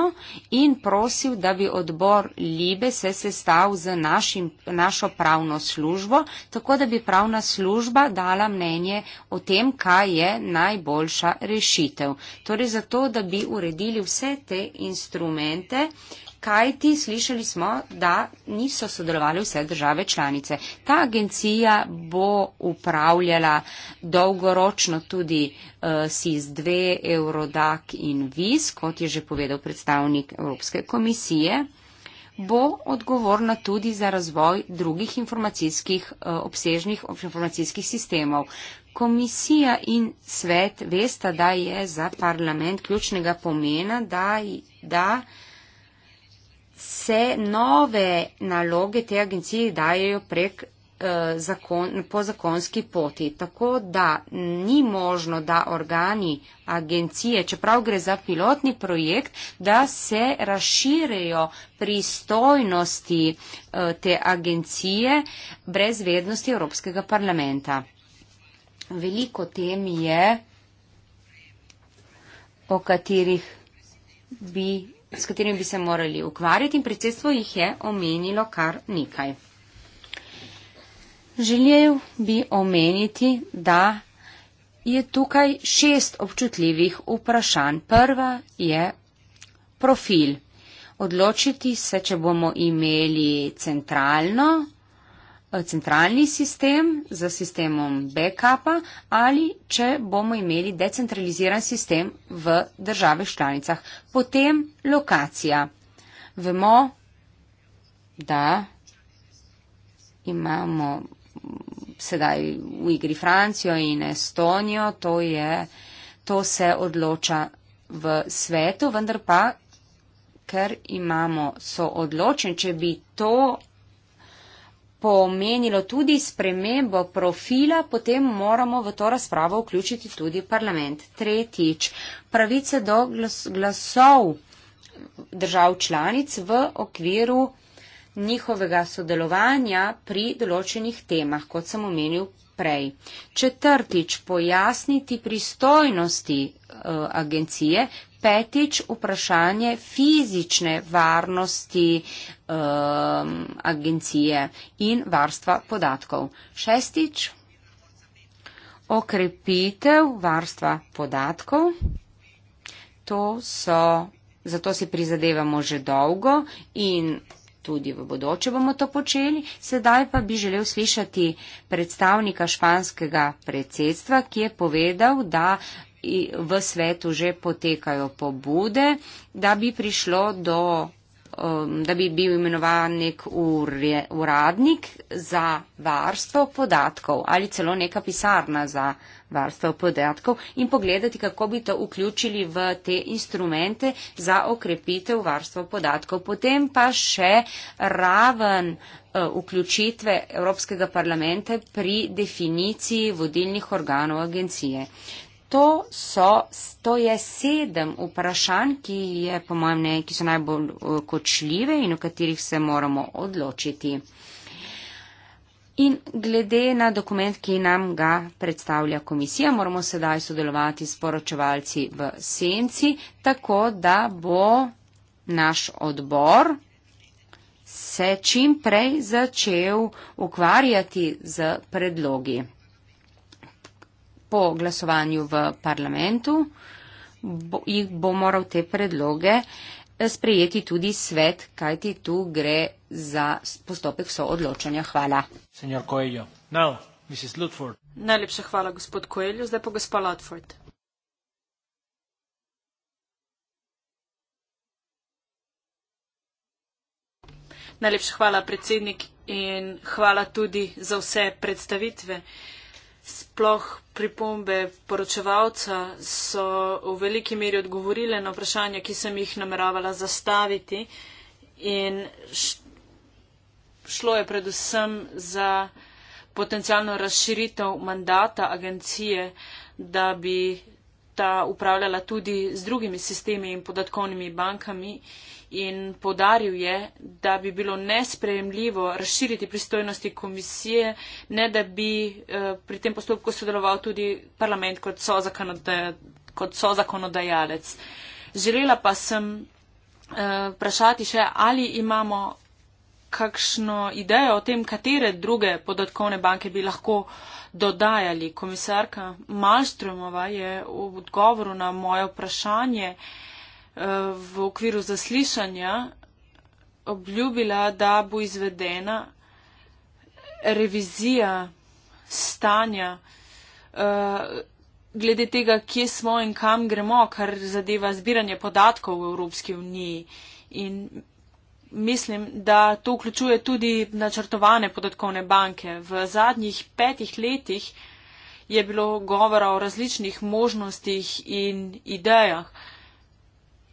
in prosil, da bi odbor Libe se sestav z našim, našo pravno službo, tako da bi pravna služba dala mnenje o tem, kaj je najboljša rešitev. Torej zato, da bi uredili vse te instrumente, kaj ti slišali smo, da niso sodelovali vse države članice. Ta agencija bo upravljala dolgoročno tudi uh, eh, SIS-2, Eurodac in VIS, kot je že povedal predstavnik Evropske komisije bo odgovorna tudi za razvoj drugih informacijskih, eh, obsežnih informacijskih sistemov. Komisija in svet vesta, da je za parlament ključnega pomena, da, da se nove naloge te agencije dajo prek uh, zakon, po zakonski poti. Tako da ni možno, da organi agencije, čeprav gre za pilotni projekt, da se razširejo pristojnosti uh, te agencije brez vednosti Evropskega parlamenta. Veliko tem je, o katerih bi s katerimi bi se morali ukvarjati in predsedstvo jih je omenilo kar nekaj. Želel bi omeniti, da je tukaj šest občutljivih vprašanj. Prva je profil. Odločiti se, če bomo imeli centralno centralni sistem z sistemom backupa ali če bomo imeli decentraliziran sistem v državi članicah. Potem lokacija. Vemo, da imamo sedaj v igri Francijo in Estonijo, to, je, to se odloča v svetu, vendar pa, ker imamo soodločen, če bi to pomenilo tudi spremembo profila, potem moramo v to razpravo vključiti tudi parlament. Tretjič, pravice do glas, glasov držav članic v okviru njihovega sodelovanja pri določenih temah, kot sem omenil prej. Četrtič, pojasniti pristojnosti uh, agencije, petič vprašanje fizične varnosti um, agencije in varstva podatkov. Šestič, okrepitev varstva podatkov. To so, zato si prizadevamo že dolgo in tudi v bodoče bomo to počeli. Sedaj pa bi želel slišati predstavnika španskega predsedstva, ki je povedal, da v svetu že potekajo pobude, da bi prišlo do, um, da bi bil imenovan nek uradnik za varstvo podatkov ali celo neka pisarna za varstvo podatkov in pogledati, kako bi to vključili v te instrumente za okrepitev varstva podatkov. Potem pa še raven uh, vključitve Evropskega parlamenta pri definiciji vodilnih organov agencije. To, so, to je sedem vprašanj, ki, je, mnenje, ki so najbolj eh, kočljive in o katerih se moramo odločiti. In glede na dokument, ki nam ga predstavlja komisija, moramo sedaj sodelovati s poročevalci v senci, tako da bo naš odbor se čim prej začel ukvarjati z predlogi po glasovanju v parlamentu bo, jih bo moral te predloge eh, sprejeti tudi svet, kajti tu gre za postopek soodločanja. Hvala. Now, Najlepša hvala, gospod Koeljo. Zdaj pa gospa Ludford. Najlepša hvala, predsednik, in hvala tudi za vse predstavitve sploh pripombe poročevalca so v veliki meri odgovorile na vprašanja, ki sem jih nameravala zastaviti in šlo je predvsem za potencijalno razširitev mandata agencije, da bi ta upravljala tudi z drugimi sistemi in podatkovnimi bankami in podaril je, da bi bilo nespremljivo razširiti pristojnosti komisije, ne da bi eh, pri tem postopku sodeloval tudi parlament kot so, kot so zakonodajalec. Želela pa sem eh, vprašati še, ali imamo kakšno idejo o tem, katere druge podatkovne banke bi lahko dodajali. Komisarka Malstromova je v odgovoru na moje vprašanje uh, Eh, v okviru zaslišanja obljubila, da bo izvedena revizija stanja eh, glede tega, kje smo in kam gremo, kar zadeva zbiranje podatkov v Evropski uniji. In mislim, da to vključuje tudi načrtovane podatkovne banke. V zadnjih petih letih je bilo govora o različnih možnostih in idejah. Uh,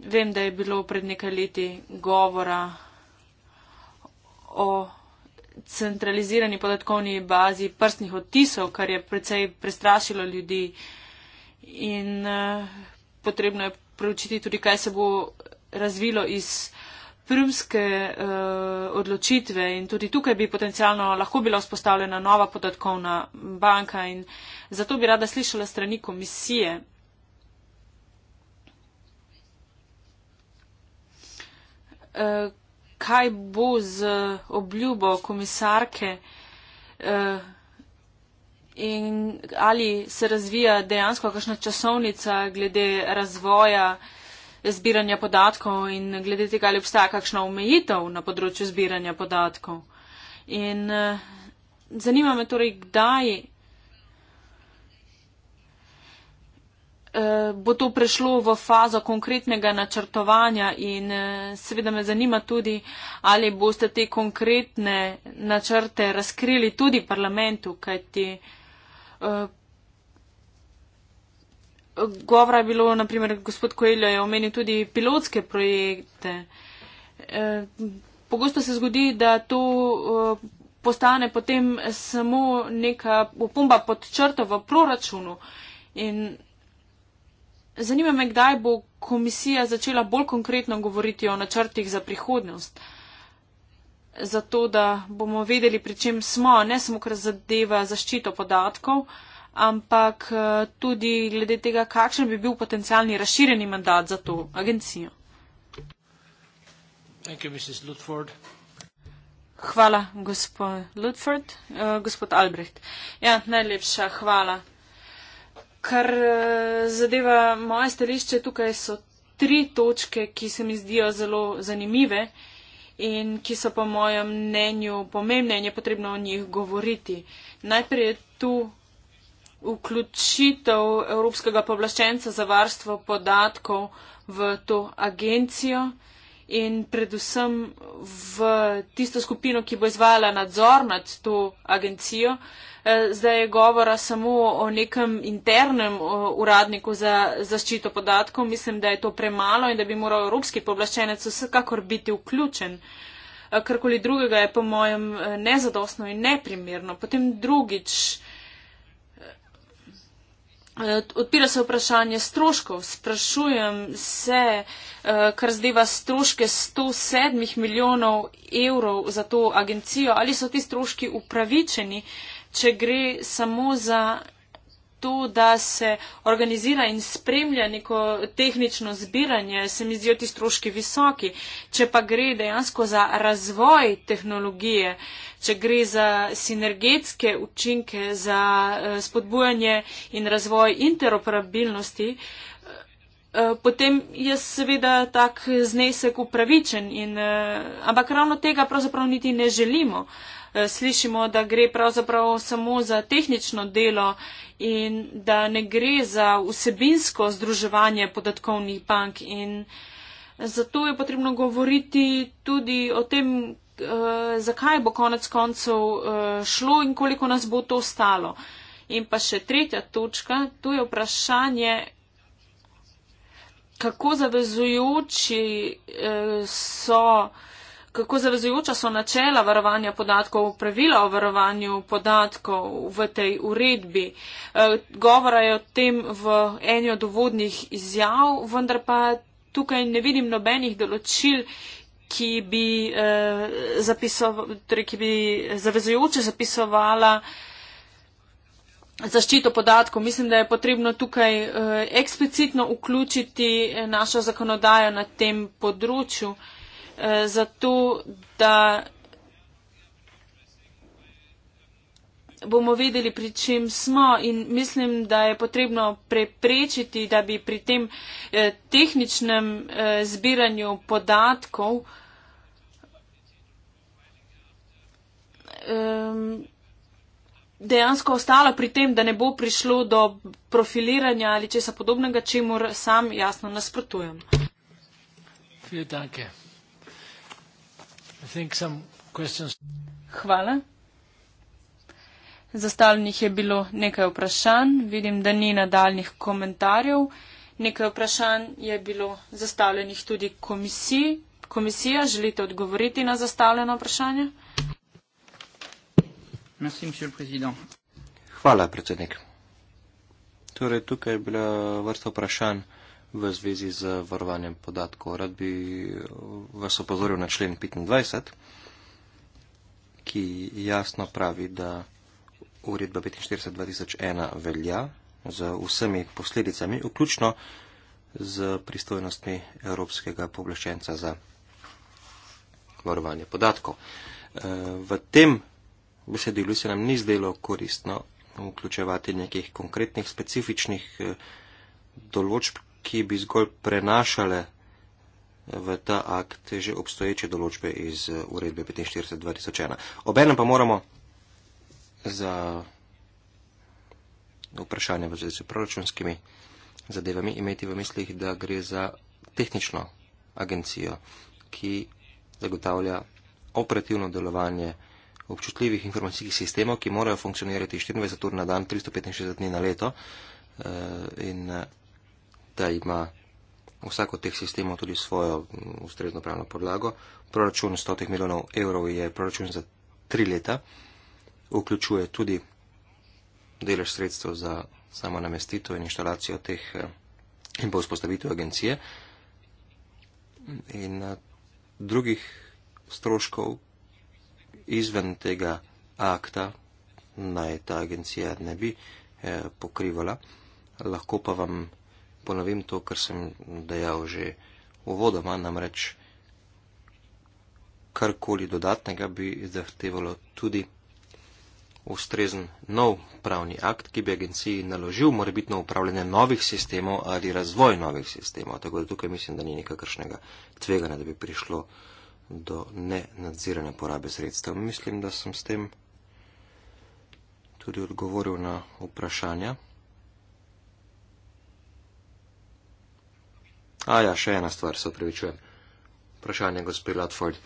Vem, da je bilo pred nekaj leti govora o centralizirani podatkovni bazi prstnih odtisov, kar je precej prestrašilo ljudi in uh, potrebno je preučiti tudi, kaj se bo razvilo iz prvske uh, eh, odločitve in tudi tukaj bi potencialno lahko bila vzpostavljena nova podatkovna banka in zato bi rada slišala strani komisije. Eh, kaj bo z eh, obljubo komisarke eh, in ali se razvija dejansko kakšna časovnica glede razvoja zbiranja podatkov in glede tega, ali obstaja kakšna omejitev na področju zbiranja podatkov. In zanima me torej, kdaj Eh, bo to prešlo v fazo konkretnega načrtovanja in eh, seveda me zanima tudi, ali boste te konkretne načrte razkrili tudi parlamentu, kajti eh, govora je bilo, naprimer, gospod Koeljo je omenil tudi pilotske projekte. Pogosto se zgodi, da to postane potem samo neka opomba pod črto v proračunu. In Zanima me, kdaj bo komisija začela bolj konkretno govoriti o načrtih za prihodnost, zato da bomo vedeli, pri čem smo, ne samo kar zadeva zaščito podatkov, ampak eh, tudi glede tega, kakšen bi bil potencialni razširjeni mandat za to agencijo. You, hvala, gospod Ludford. Uh, gospod Albrecht. Ja, najlepša hvala kar eh, zadeva moje stališče, tukaj so tri točke, ki se mi zdijo zelo zanimive in ki so po mojem mnenju pomembne in je potrebno o njih govoriti. Najprej je tu vključitev Evropskega povlaščenca za varstvo podatkov v to agencijo in predvsem v tisto skupino, ki bo izvala nadzor nad to agencijo, uh, Eh, zdaj je govora samo o nekem internem uradniku za zaščito podatkov. Mislim, da je to premalo in da bi moral evropski povlaščenec vsekakor biti vključen. Eh, karkoli drugega je po mojem eh, nezadostno in neprimerno. Potem drugič. Odpira se vprašanje stroškov. Sprašujem se, kar zdeva stroške 107 milijonov evrov za to agencijo, ali so ti stroški upravičeni če gre samo za to, da se organizira in spremlja neko tehnično zbiranje, se mi zdijo ti stroški visoki. Če pa gre dejansko za razvoj tehnologije, če gre za sinergetske učinke, za eh, spodbujanje in razvoj interoperabilnosti, eh, potem je seveda tak znesek upravičen, in, eh, ampak ravno tega pravzaprav niti ne želimo. Eh, slišimo, da gre pravzaprav samo za tehnično delo in da ne gre za vsebinsko združevanje podatkovnih bank. In eh, zato je potrebno govoriti tudi o tem, eh, zakaj bo konec koncev šlo in koliko nas bo to stalo. In pa še tretja točka, to je vprašanje, kako zavezujoči so kako zavezujoča so načela varovanja podatkov, pravila o varovanju podatkov v tej uredbi. E, govora je o tem v eni od uvodnih izjav, vendar pa tukaj ne vidim nobenih določil, ki bi, e, zapisoval, torej, ki bi zavezujoče zapisovala zaščito podatkov. Mislim, da je potrebno tukaj e, eksplicitno vključiti našo zakonodajo na tem področju. Eh, zato da bomo vedeli, pri čem smo in mislim, da je potrebno preprečiti, da bi pri tem eh, tehničnem eh, zbiranju podatkov ehm, dejansko ostalo pri tem, da ne bo prišlo do profiliranja ali česa podobnega, čemu sam jasno nasprotujem. Vielen Dank. Hvala. Zastavljenih je bilo nekaj vprašanj, vidim, da ni nadaljnih komentarjev. Nekaj vprašanj je bilo zastavljenih tudi komisiji. Komisija, želite odgovoriti na zastavljeno vprašanje? Hvala, predsednik. Torej, tukaj je bila vrsta vprašanj v zvezi z varovanjem podatkov. Rad bi vas opozoril na člen 25, ki jasno pravi, da uredba 45.2001 velja z vsemi posledicami, vključno z pristojnostmi Evropskega pooblaščenca za varovanje podatkov. V tem besedilu se nam ni zdelo koristno vključevati nekih konkretnih, specifičnih eh, določb, ki bi zgolj prenašale v ta akt že obstoječe določbe iz eh, uredbe 45.2001. Obenem pa moramo za vprašanje v zvezi s proračunskimi zadevami imeti v mislih, da gre za tehnično agencijo, ki zagotavlja operativno delovanje občutljivih informacijskih sistemov, ki morajo funkcionirati 24 ur na dan, 365 dni na leto eh, in eh, leta ima vsako od teh sistemov tudi svojo mm, ustrezno pravno podlago. Proračun 100 milijonov evrov je proračun za tri leta, vključuje tudi delež sredstev za samo namestitev in inštalacijo teh eh, in pa vzpostavitev agencije. In eh, drugih stroškov izven tega akta naj ta agencija ne bi eh, pokrivala. Lahko pa vam ponovim to, kar sem dejal že uvodoma, namreč karkoli dodatnega bi zahtevalo tudi ustrezen nov pravni akt, ki bi agenciji naložil morebitno upravljanje novih sistemov ali razvoj novih sistemov. Tako da tukaj mislim, da ni nekakršnega tveganja, da bi prišlo do nenadzirane porabe sredstev. Mislim, da sem s tem tudi odgovoril na vprašanja. A ja, še ena stvar, se upravičujem. Vprašanje, gospod Latford,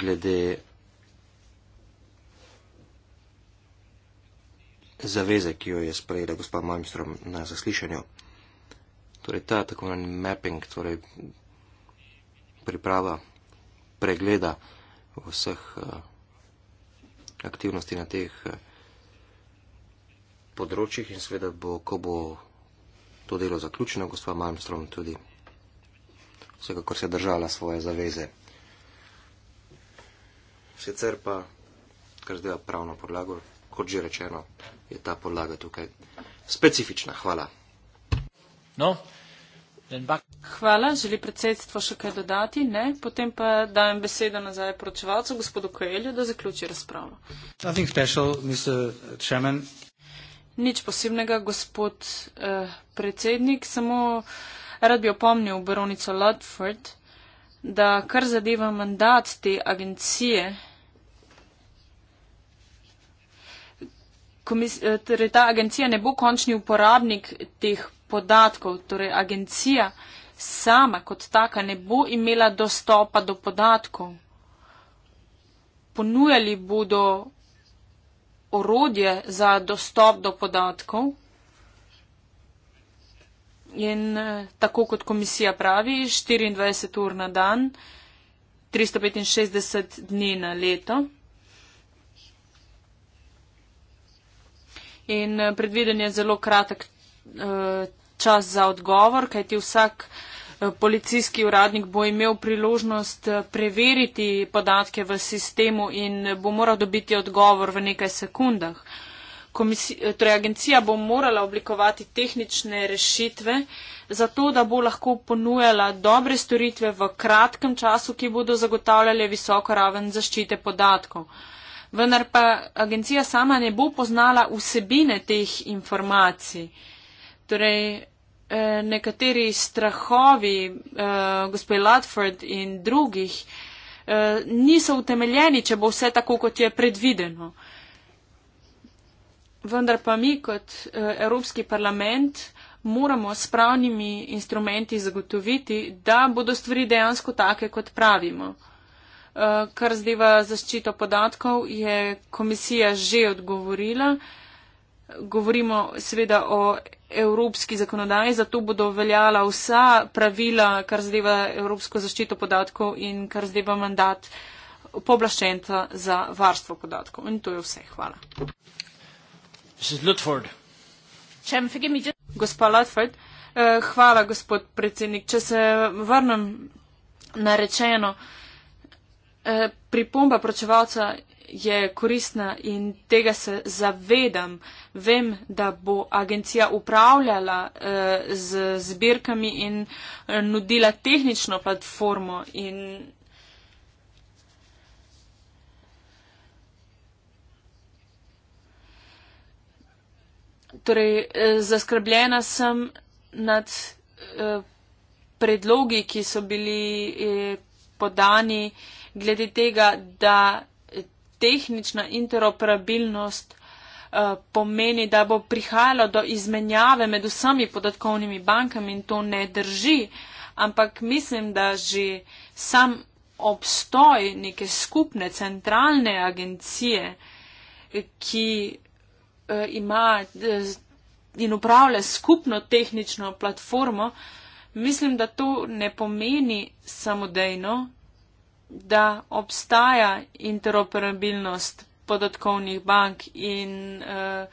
glede zaveze, ki jo je sprejela gospa Malmström na zaslišanju. Torej, ta tako imenovani mapping, torej priprava pregleda vseh uh, aktivnosti na teh uh, področjih in seveda bo, ko bo to delo zaključeno, gospa Malmström tudi vsekakor se je držala svoje zaveze. Sicer pa, kar zdaj je pravno podlago, kot že rečeno, je ta podlaga tukaj specifična. Hvala. No. Hvala, želi predsedstvo še kaj dodati? Ne, potem pa dajem besedo nazaj poročevalcu, gospodu Koelju, da zaključi razpravo. Special, Nič posebnega, gospod eh, predsednik, samo. Rad bi opomnil baronico Ludford, da kar zadeva mandat te agencije, komis, eh, torej ta agencija ne bo končni uporabnik teh podatkov, torej agencija sama kot taka ne bo imela dostopa do podatkov. Ponujali bodo orodje za dostop do podatkov, in eh, tako kot komisija pravi, 24 ur na dan, 365 dni na leto. In eh, predviden je zelo kratek eh, čas za odgovor, kajti vsak policijski uradnik bo imel priložnost preveriti podatke v sistemu in bo moral dobiti odgovor v nekaj sekundah. Eh, torej agencija bo morala oblikovati tehnične rešitve za to, da bo lahko ponujala dobre storitve v kratkem času, ki bodo zagotavljale visoko raven zaščite podatkov. Vendar pa agencija sama ne bo poznala vsebine teh informacij. Torej, eh, nekateri strahovi eh, gospe Ludford in drugih niso utemeljeni, če bo vse tako, kot je predvideno. Vendar pa mi kot eh, Evropski parlament moramo s pravnimi instrumenti zagotoviti, da bodo stvari dejansko take, kot pravimo. Eh, kar zdeva zaščito podatkov, je komisija že odgovorila. Govorimo seveda o evropski zakonodaji, zato bodo veljala vsa pravila, kar zdeva evropsko zaščito podatkov in kar zdeva mandat poblaščenca za varstvo podatkov. In to je vse. Hvala. Gospa Ludford, eh, hvala, gospod predsednik. Če se vrnem na rečeno, eh, pripomba pročevalca je koristna in tega se zavedam. Vem, da bo agencija upravljala eh, z zbirkami in nudila tehnično platformo in Torej, eh, zaskrbljena sem nad eh, predlogi, ki so bili eh, podani glede tega, da tehnična interoperabilnost pomeni, da bo prihajalo do izmenjave med vsemi podatkovnimi bankami in to ne drži, ampak mislim, da že sam obstoj neke skupne centralne agencije, ki uh, ima eh, in upravlja skupno tehnično platformo, mislim, da to ne pomeni samodejno, da obstaja interoperabilnost podatkovnih bank in uh,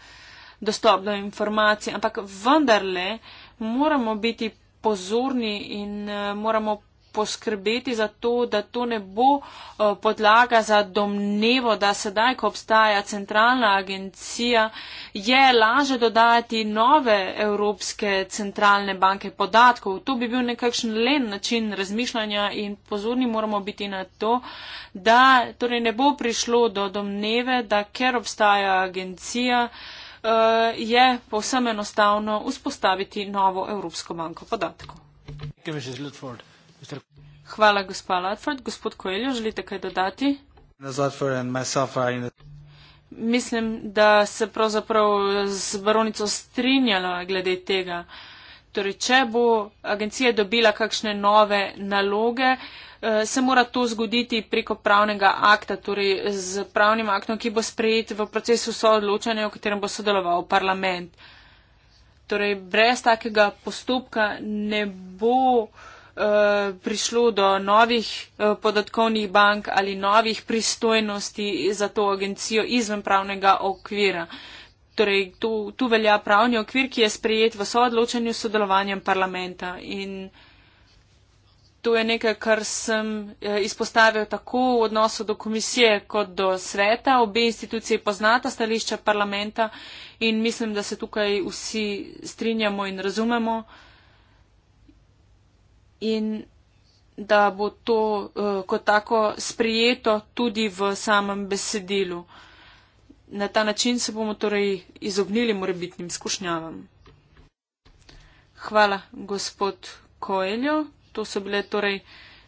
dostop do informacij, ampak vendarle moramo biti pozorni in uh, moramo poskrbeti za to, da to ne bo eh, podlaga za domnevo, da sedaj, ko obstaja centralna agencija, je laže dodajati nove evropske centralne banke podatkov. To bi bil nekakšen len način razmišljanja in pozorni moramo biti na to, da torej ne bo prišlo do domneve, da ker obstaja agencija, eh, je povsem enostavno vzpostaviti novo Evropsko banko podatkov. Thank you, Mrs. Lutford. Mr. Hvala, gospa Latford. Gospod Koeljo, želite kaj dodati? Mislim, da se pravzaprav z baronico strinjala glede tega. Torej, če bo agencija dobila kakšne nove naloge, eh, se mora to zgoditi preko pravnega akta, torej z pravnim aktom, ki bo sprejet v procesu soodločanja, v katerem bo sodeloval parlament. Torej, brez takega postopka ne bo. Eh, prišlo do novih eh, podatkovnih bank ali novih pristojnosti za to agencijo izven pravnega okvira. Torej, tu, tu velja pravni okvir, ki je sprejet v soodločanju s sodelovanjem parlamenta. In to je nekaj, kar sem eh, izpostavil tako v odnosu do komisije kot do sveta. Obe institucije poznata stališča parlamenta in mislim, da se tukaj vsi strinjamo in razumemo. Uh, in da bo to uh, kot tako sprijeto tudi v samem besedilu. Na ta način se bomo torej izognili morebitnim skušnjavam. Hvala, gospod Koeljo. To so bile torej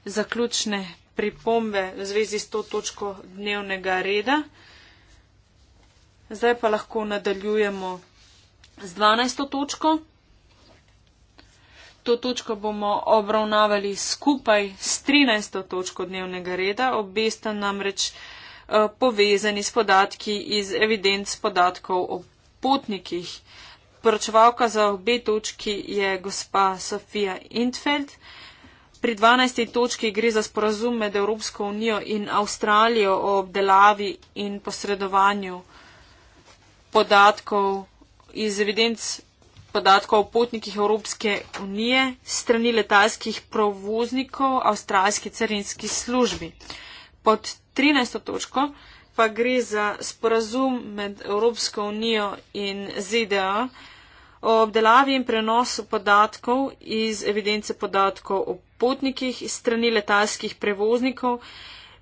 zaključne pripombe v zvezi s to točko dnevnega reda. Zdaj pa lahko nadaljujemo z 12. točko to točko bomo obravnavali skupaj s 13. točko dnevnega reda. Obe sta namreč eh, povezani s podatki iz evidenc podatkov o potnikih. Poročevalka za obe točki je gospa Sofija Intfeld. Pri 12. točki gre za sporazum med Evropsko unijo in Avstralijo o obdelavi in posredovanju podatkov iz evidenc podatkov o potnikih Evropske unije strani letalskih provoznikov avstralski carinski službi. Pod 13. točko pa gre za sporazum med Evropsko unijo in ZDA o obdelavi in prenosu podatkov iz evidence podatkov o potnikih strani letalskih prevoznikov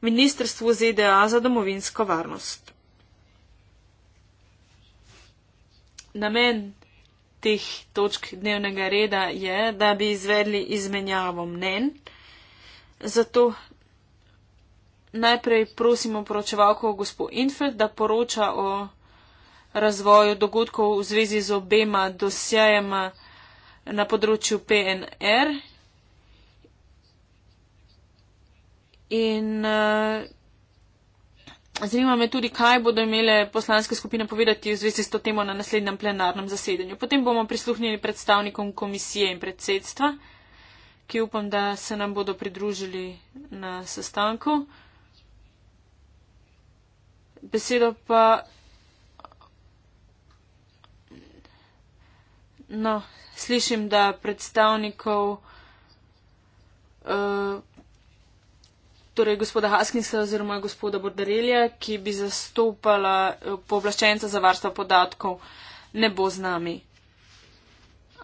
Ministrstvu ZDA za domovinsko varnost. Namen šestih točk dnevnega reda je, da bi izvedli izmenjavo mnen. Zato najprej prosimo poročevalko gospo Infeld, da poroča o razvoju dogodkov v zvezi z obema dosjajama na področju PNR. In uh, Zanima me tudi, kaj bodo imele poslanske skupine povedati v zvezi s to temo na naslednjem plenarnem zasedanju. Potem bomo prisluhnili predstavnikom komisije in predsedstva, ki upam, da se nam bodo pridružili na sestanku. Besedo pa. No, slišim, da predstavnikov. Uh, torej gospoda Haskinsa oziroma gospoda Bordarelja, ki bi zastopala eh, pooblaščenca za varstvo podatkov, ne bo z nami.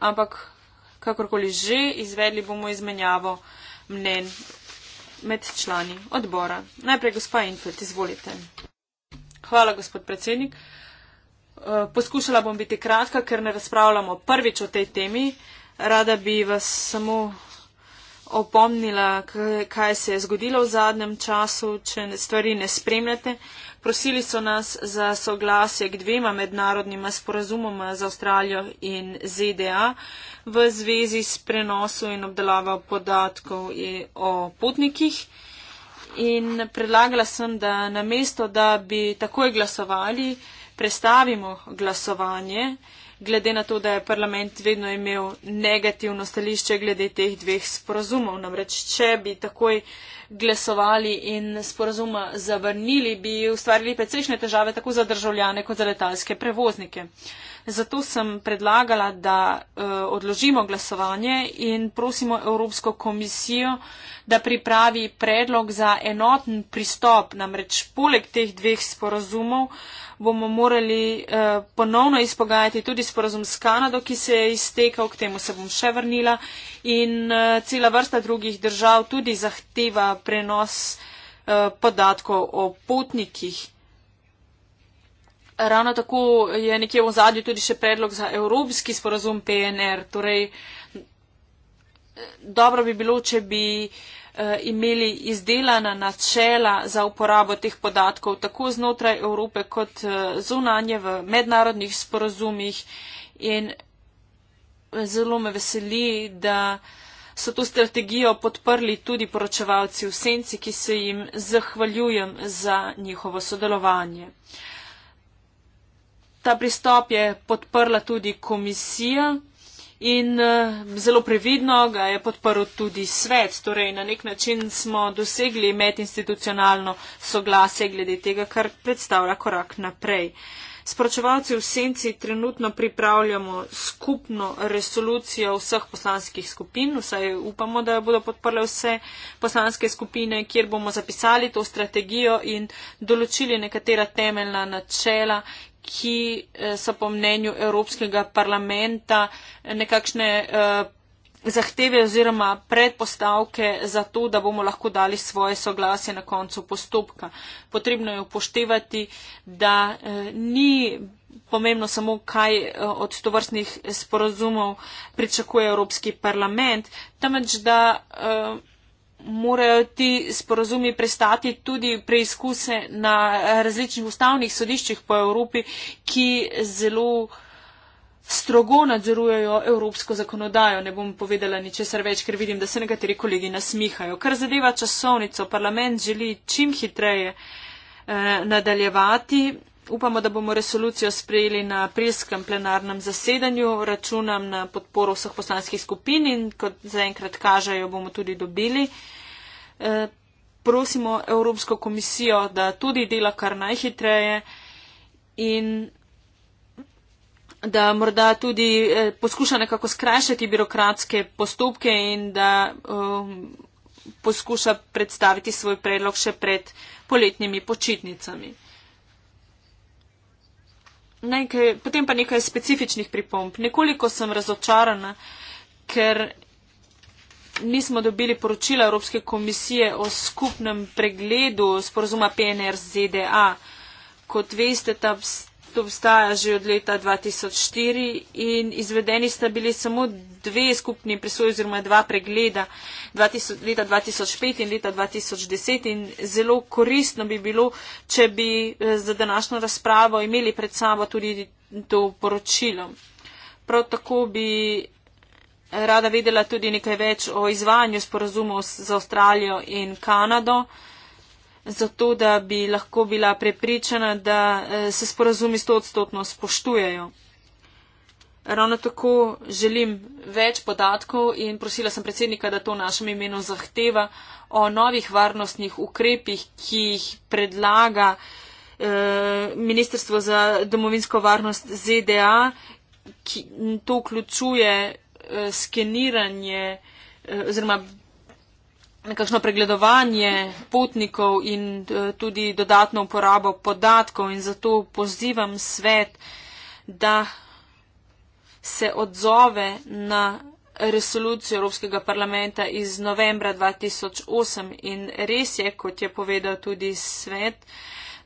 Ampak kakorkoli že, izvedli bomo izmenjavo mnen med člani odbora. Najprej gospa Infeld, izvolite. Hvala, gospod predsednik. Eh, poskušala bom biti kratka, ker ne razpravljamo prvič o tej temi. Rada bi vas samo opomnila, kaj se je zgodilo v zadnjem času, če stvari ne spremljate. Prosili so nas za soglasje k dvema mednarodnima sporazumoma za Avstralijo in ZDA v zvezi s prenosom in obdelavo podatkov o potnikih. In predlagala sem, da namesto, da bi takoj glasovali, prestavimo glasovanje. Uh, glede na to, da je parlament vedno imel negativno stališče glede teh dveh sporazumov. Namreč, če bi takoj glasovali in sporazuma zavrnili, bi ustvarili precejšnje težave tako za državljane kot za letalske prevoznike. Zato sem predlagala, da uh, odložimo glasovanje in prosimo Evropsko komisijo, da pripravi predlog za enoten pristop, namreč poleg teh dveh sporazumov. Uh, bomo morali eh, ponovno izpogajati tudi sporazum s Kanado, ki se je iztekal, k temu se bom še vrnila. In eh, cela vrsta drugih držav tudi zahteva prenos eh, podatkov o potnikih. Ravno tako je nekje v zadju tudi še predlog za evropski sporazum PNR. Torej, dobro bi bilo, če bi. Eh, Eh, imeli izdelana načela za uporabo teh podatkov tako znotraj Evrope kot eh, zunanje v mednarodnih sporozumih in eh, zelo me veseli, da so to strategijo podprli tudi poročevalci v senci, ki se jim zahvaljujem za njihovo sodelovanje. Ta pristop je podprla tudi komisija, in eh, zelo previdno ga je podporil tudi svet. Torej, na nek način smo dosegli medinstitucionalno soglase glede tega, kar predstavlja korak naprej. Sporočevalci v senci trenutno pripravljamo skupno resolucijo vseh poslanskih skupin, vsaj upamo, da bodo podprle vse poslanske skupine, kjer bomo zapisali to strategijo in določili nekatera temeljna načela, ki eh, so po mnenju Evropskega parlamenta eh, nekakšne eh, zahteve oziroma predpostavke za to, da bomo lahko dali svoje soglasje na koncu postopka. Potrebno je upoštevati, da ni pomembno samo, kaj od tovrstnih sporozumov pričakuje Evropski parlament, temveč da morajo ti sporazumi prestati tudi preizkuse na različnih ustavnih sodiščih po Evropi, ki zelo strogo nadzorujejo evropsko zakonodajo. Ne bom povedala ničesar več, ker vidim, da se nekateri kolegi nasmihajo. Kar zadeva časovnico, parlament želi čim hitreje eh, nadaljevati Upamo, da bomo resolucijo sprejeli na aprilskem plenarnem zasedanju. Računam na podporo vseh poslanskih skupin in kot zaenkrat kažejo, bomo tudi dobili. E, prosimo Evropsko komisijo, da tudi dela kar najhitreje in da morda tudi eh, poskuša nekako skrajšati birokratske postopke in da um, poskuša predstaviti svoj predlog še pred poletnimi počitnicami nekaj, potem pa nekaj specifičnih pripomp. Nekoliko sem razočarana, ker nismo dobili poročila Evropske komisije o skupnem pregledu sporozuma PNR z ZDA. Kot veste, ta projekt obstaja že od leta 2004 in izvedeni sta bili samo dve skupni presoji oziroma dva pregleda 2000, leta 2005 in leta 2010 in zelo koristno bi bilo, če bi eh, za današnjo razpravo imeli pred sabo tudi to poročilo. Prav tako bi eh, rada vedela tudi nekaj več o izvajanju sporozumov z Avstralijo in Kanado zato da bi lahko bila prepričana, da eh, se sporazumi sto odstotno spoštujejo. Ravno tako želim več podatkov in prosila sem predsednika, da to našem imenu zahteva o novih varnostnih ukrepih, ki jih predlaga eh, Ministrstvo za domovinsko varnost ZDA, ki to vključuje eh, skeniranje oziroma nekakšno pregledovanje potnikov in eh, tudi dodatno uporabo podatkov in zato pozivam svet, da se odzove na resolucijo Evropskega parlamenta iz novembra 2008 in res je, kot je povedal tudi svet,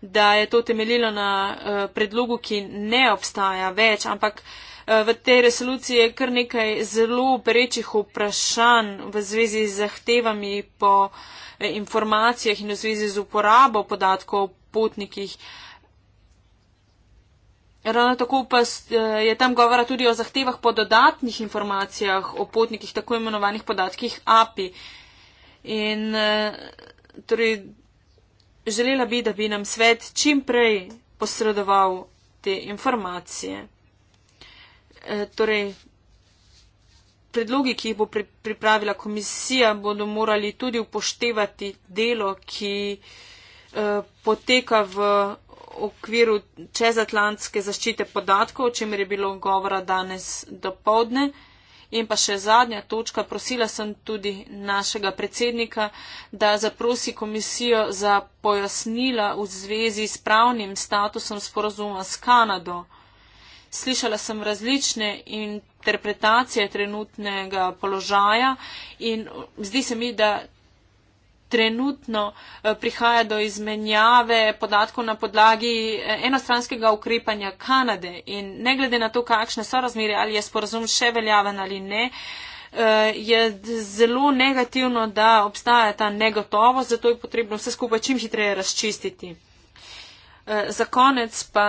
da je to temeljilo na eh, predlogu, ki ne obstaja več, ampak v tej resoluciji je kar nekaj zelo perečih vprašanj v zvezi z zahtevami po eh, informacijah in v zvezi z uporabo podatkov o potnikih. Ravno tako pa eh, je tam govora tudi o zahtevah po dodatnih informacijah o potnikih, tako imenovanih podatkih API. In eh, torej, želela bi, da bi nam svet čim prej posredoval te informacije. E, torej, predlogi, ki jih bo pripravila komisija, bodo morali tudi upoštevati delo, ki e, poteka v okviru čezatlantske zaščite podatkov, o čemer je bilo govora danes do povdne. In pa še zadnja točka, prosila sem tudi našega predsednika, da zaprosi komisijo za pojasnila v zvezi s pravnim statusom sporozuma s Kanado slišala sem različne interpretacije trenutnega položaja in zdi se mi, da trenutno eh, prihaja do izmenjave podatkov na podlagi eh, enostranskega ukrepanja Kanade in ne glede na to, kakšne so razmere, ali je sporazum še veljaven ali ne, eh, je zelo negativno, da obstaja ta negotovost, zato je potrebno vse skupaj čim hitreje razčistiti. Za konec pa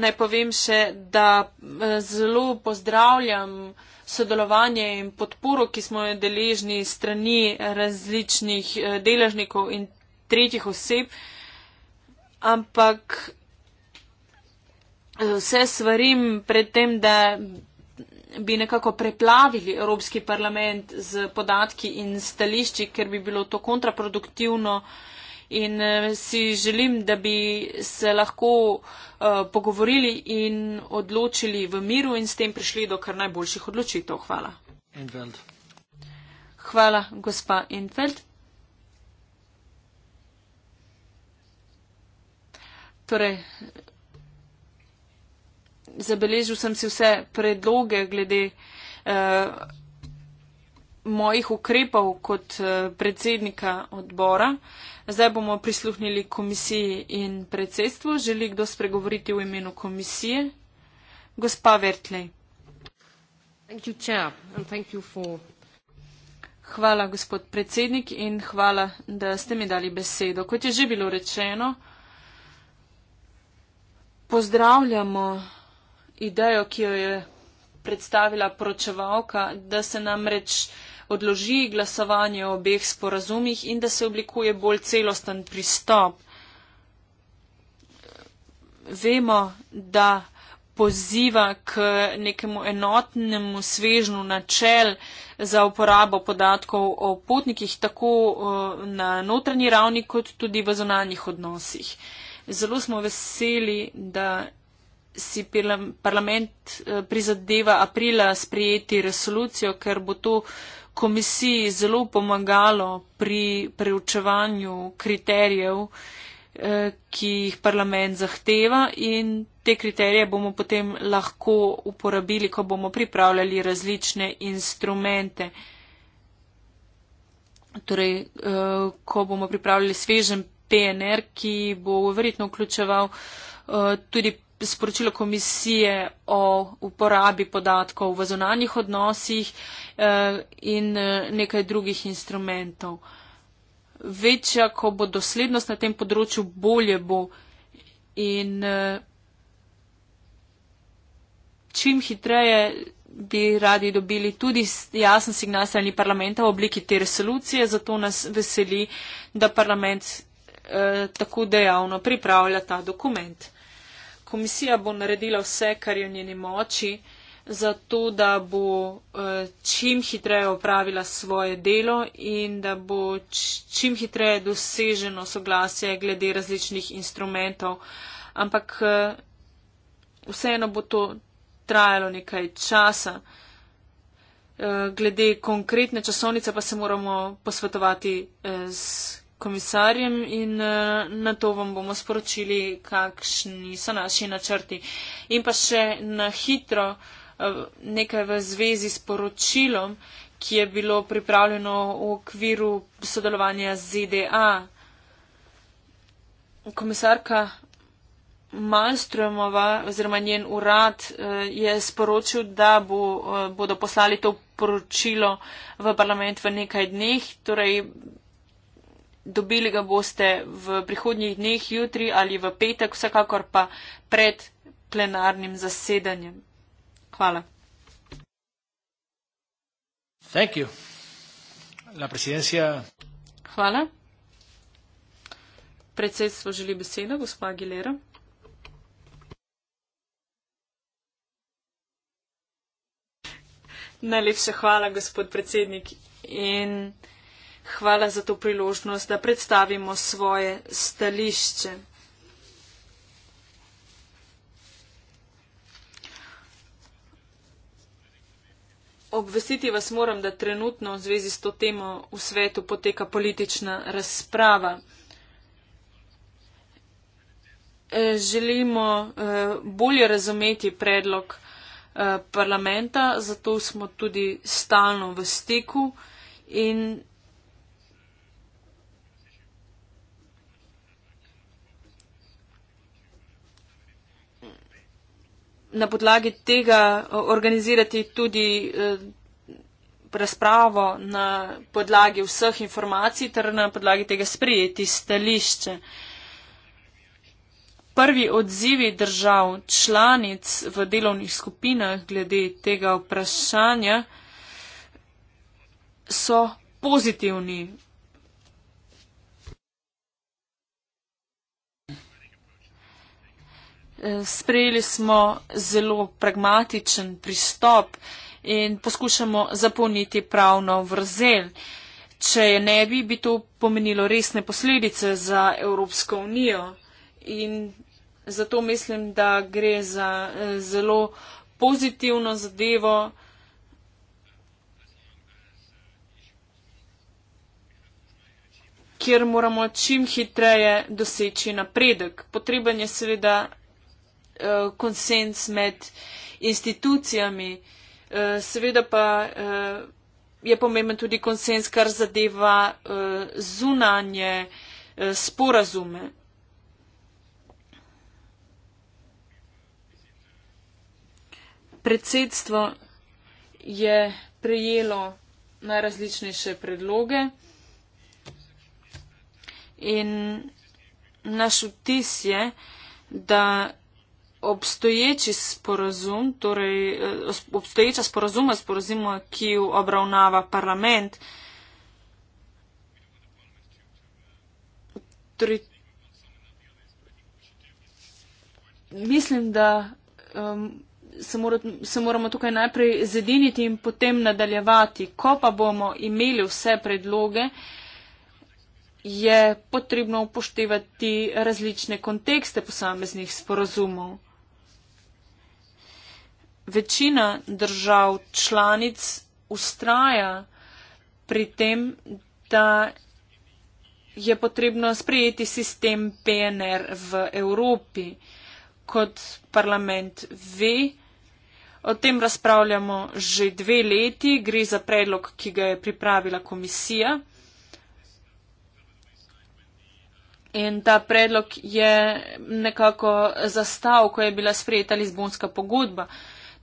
naj povem še, da eh, zelo pozdravljam sodelovanje in podporo, ki smo jo deležni strani različnih eh, deležnikov in tretjih oseb, ampak vse eh, svarim pred tem, da bi nekako preplavili Evropski parlament z podatki in stališči, ker bi bilo to kontraproduktivno. Uh, in eh, si želim, da bi se lahko uh, pogovorili in odločili v miru in s tem prišli do kar najboljših odločitev. Hvala. Infeld. Hvala, gospa Infeld. Torej, zabeležil sem si vse predloge glede. Uh, mojih ukrepov kot eh, predsednika odbora. Zdaj bomo prisluhnili komisiji in predsedstvu. Želi kdo spregovoriti v imenu komisije? Gospa Vertlej. Hvala, gospod predsednik, in hvala, da ste mi dali besedo. Kot je že bilo rečeno, pozdravljamo idejo, ki jo je predstavila poročevalka, da se namreč odloži glasovanje o obeh sporazumih in da se oblikuje bolj celosten pristop. Vemo, da poziva k nekemu enotnemu svežnu načel za uporabo podatkov o potnikih tako eh, na notranji ravni kot tudi v zonanjih odnosih. Zelo smo veseli, da si parlament eh, prizadeva aprila sprejeti resolucijo, ker bo to komisiji zelo pomagalo pri preučevanju kriterijev, eh, ki jih parlament zahteva in te kriterije bomo potem lahko uporabili, ko bomo pripravljali različne instrumente. Torej, eh, ko bomo pripravljali svežen PNR, ki bo verjetno vključeval eh, tudi sporočilo komisije o uporabi podatkov v zunanjih odnosih eh, in eh, nekaj drugih instrumentov. Večja, ko bo doslednost na tem področju, bolje bo in eh, čim hitreje bi radi dobili tudi jasen signal strani parlamenta v obliki te resolucije, zato nas veseli, da parlament eh, tako dejavno pripravlja ta dokument komisija bo naredila vse, kar je v njeni moči, zato da bo eh, čim hitreje opravila svoje delo in da bo čim hitreje doseženo soglasje glede različnih instrumentov. Ampak eh, vseeno bo to trajalo nekaj časa. Eh, glede konkretne časovnice pa se moramo posvetovati z komisarjem in uh, na to vam bomo sporočili, kakšni so naši načrti. In pa še na hitro uh, nekaj v zvezi s poročilom, ki je bilo pripravljeno v okviru sodelovanja z ZDA. Komisarka Malstromova oziroma njen urad eh, je sporočil, da bo, bodo poslali to poročilo v parlament v nekaj dneh, torej dobili ga boste v prihodnjih dneh, jutri ali v petek, vsekakor pa pred plenarnim zasedanjem. Hvala. Thank you. La presidencia. Hvala. Predsedstvo želi besedo, gospa Aguilera. Najlepša hvala, gospod predsednik. In Hvala za to priložnost, da predstavimo svoje stališče. Obvestiti vas moram, da trenutno v zvezi s to temo v svetu poteka politična razprava. Eh, želimo eh, bolje razumeti predlog eh, parlamenta, zato smo tudi stalno v stiku in na podlagi tega organizirati tudi e, razpravo na podlagi vseh informacij ter na podlagi tega sprijeti stališče. Prvi odzivi držav članic v delovnih skupinah glede tega vprašanja so pozitivni. sprejeli smo zelo pragmatičen pristop in poskušamo zapolniti pravno vrzel. Če je ne bi, bi to pomenilo resne posledice za Evropsko unijo in zato mislim, da gre za eh, zelo pozitivno zadevo. kjer moramo čim hitreje doseči napredek. Potreben je seveda Eh, konsens med institucijami. Eh, seveda pa eh, je pomemben tudi konsens, kar zadeva zunanje sporazume. Predsedstvo je prejelo najrazličnejše predloge in naš vtis je, da obstoječi sporazum, torej eh, obstoječa sporazuma, sporazuma, ki jo obravnava parlament, torej, mislim, da um, se, mora, se moramo tukaj najprej zediniti in potem nadaljevati. Ko pa bomo imeli vse predloge, je potrebno upoštevati različne kontekste posameznih sporazumov večina držav članic ustraja pri tem, da je potrebno sprejeti sistem PNR v Evropi. Kot parlament ve, o tem razpravljamo že dve leti, gre za predlog, ki ga je pripravila komisija. In ta predlog je nekako zastav, ko je bila sprejeta Lizbonska pogodba. Uh,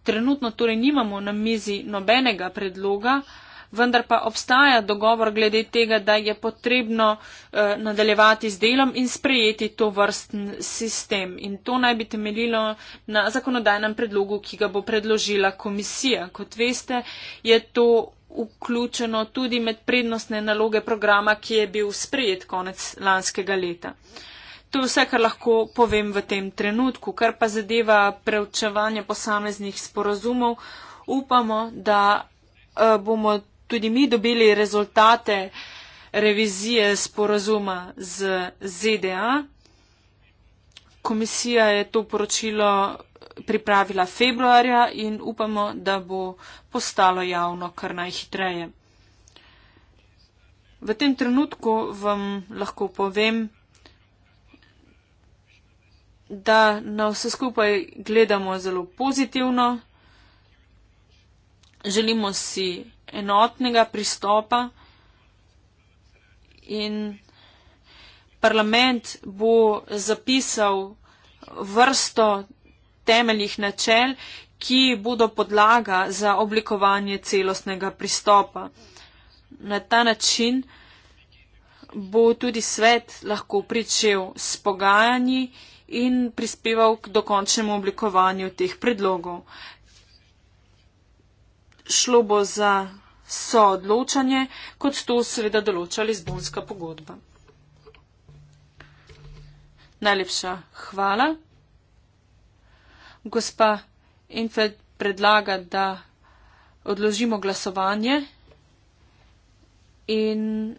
Trenutno torej nimamo na mizi nobenega predloga, vendar pa obstaja dogovor glede tega, da je potrebno eh, nadaljevati z delom in sprejeti to vrsten sistem. In to naj bi temeljilo na zakonodajnem predlogu, ki ga bo predložila komisija. Kot veste, je to vključeno tudi med prednostne naloge programa, ki je bil sprejet konec lanskega leta. To je vse, kar lahko povem v tem trenutku. Kar pa zadeva preučevanje posameznih sporozumov, upamo, da eh, bomo tudi mi dobili rezultate revizije sporozuma z ZDA. Komisija je to poročilo pripravila februarja in upamo, da bo postalo javno kar najhitreje. V tem trenutku vam lahko povem, da na vse skupaj gledamo zelo pozitivno. Želimo si enotnega pristopa in parlament bo zapisal vrsto temeljih načel, ki bodo podlaga za oblikovanje celostnega pristopa. Na ta način bo tudi svet lahko pričel s pogajanji in prispeval k dokončnemu oblikovanju teh predlogov. Šlo bo za soodločanje, kot to seveda določa Lizbonska pogodba. Najlepša hvala. Gospa Infeld predlaga, da odložimo glasovanje in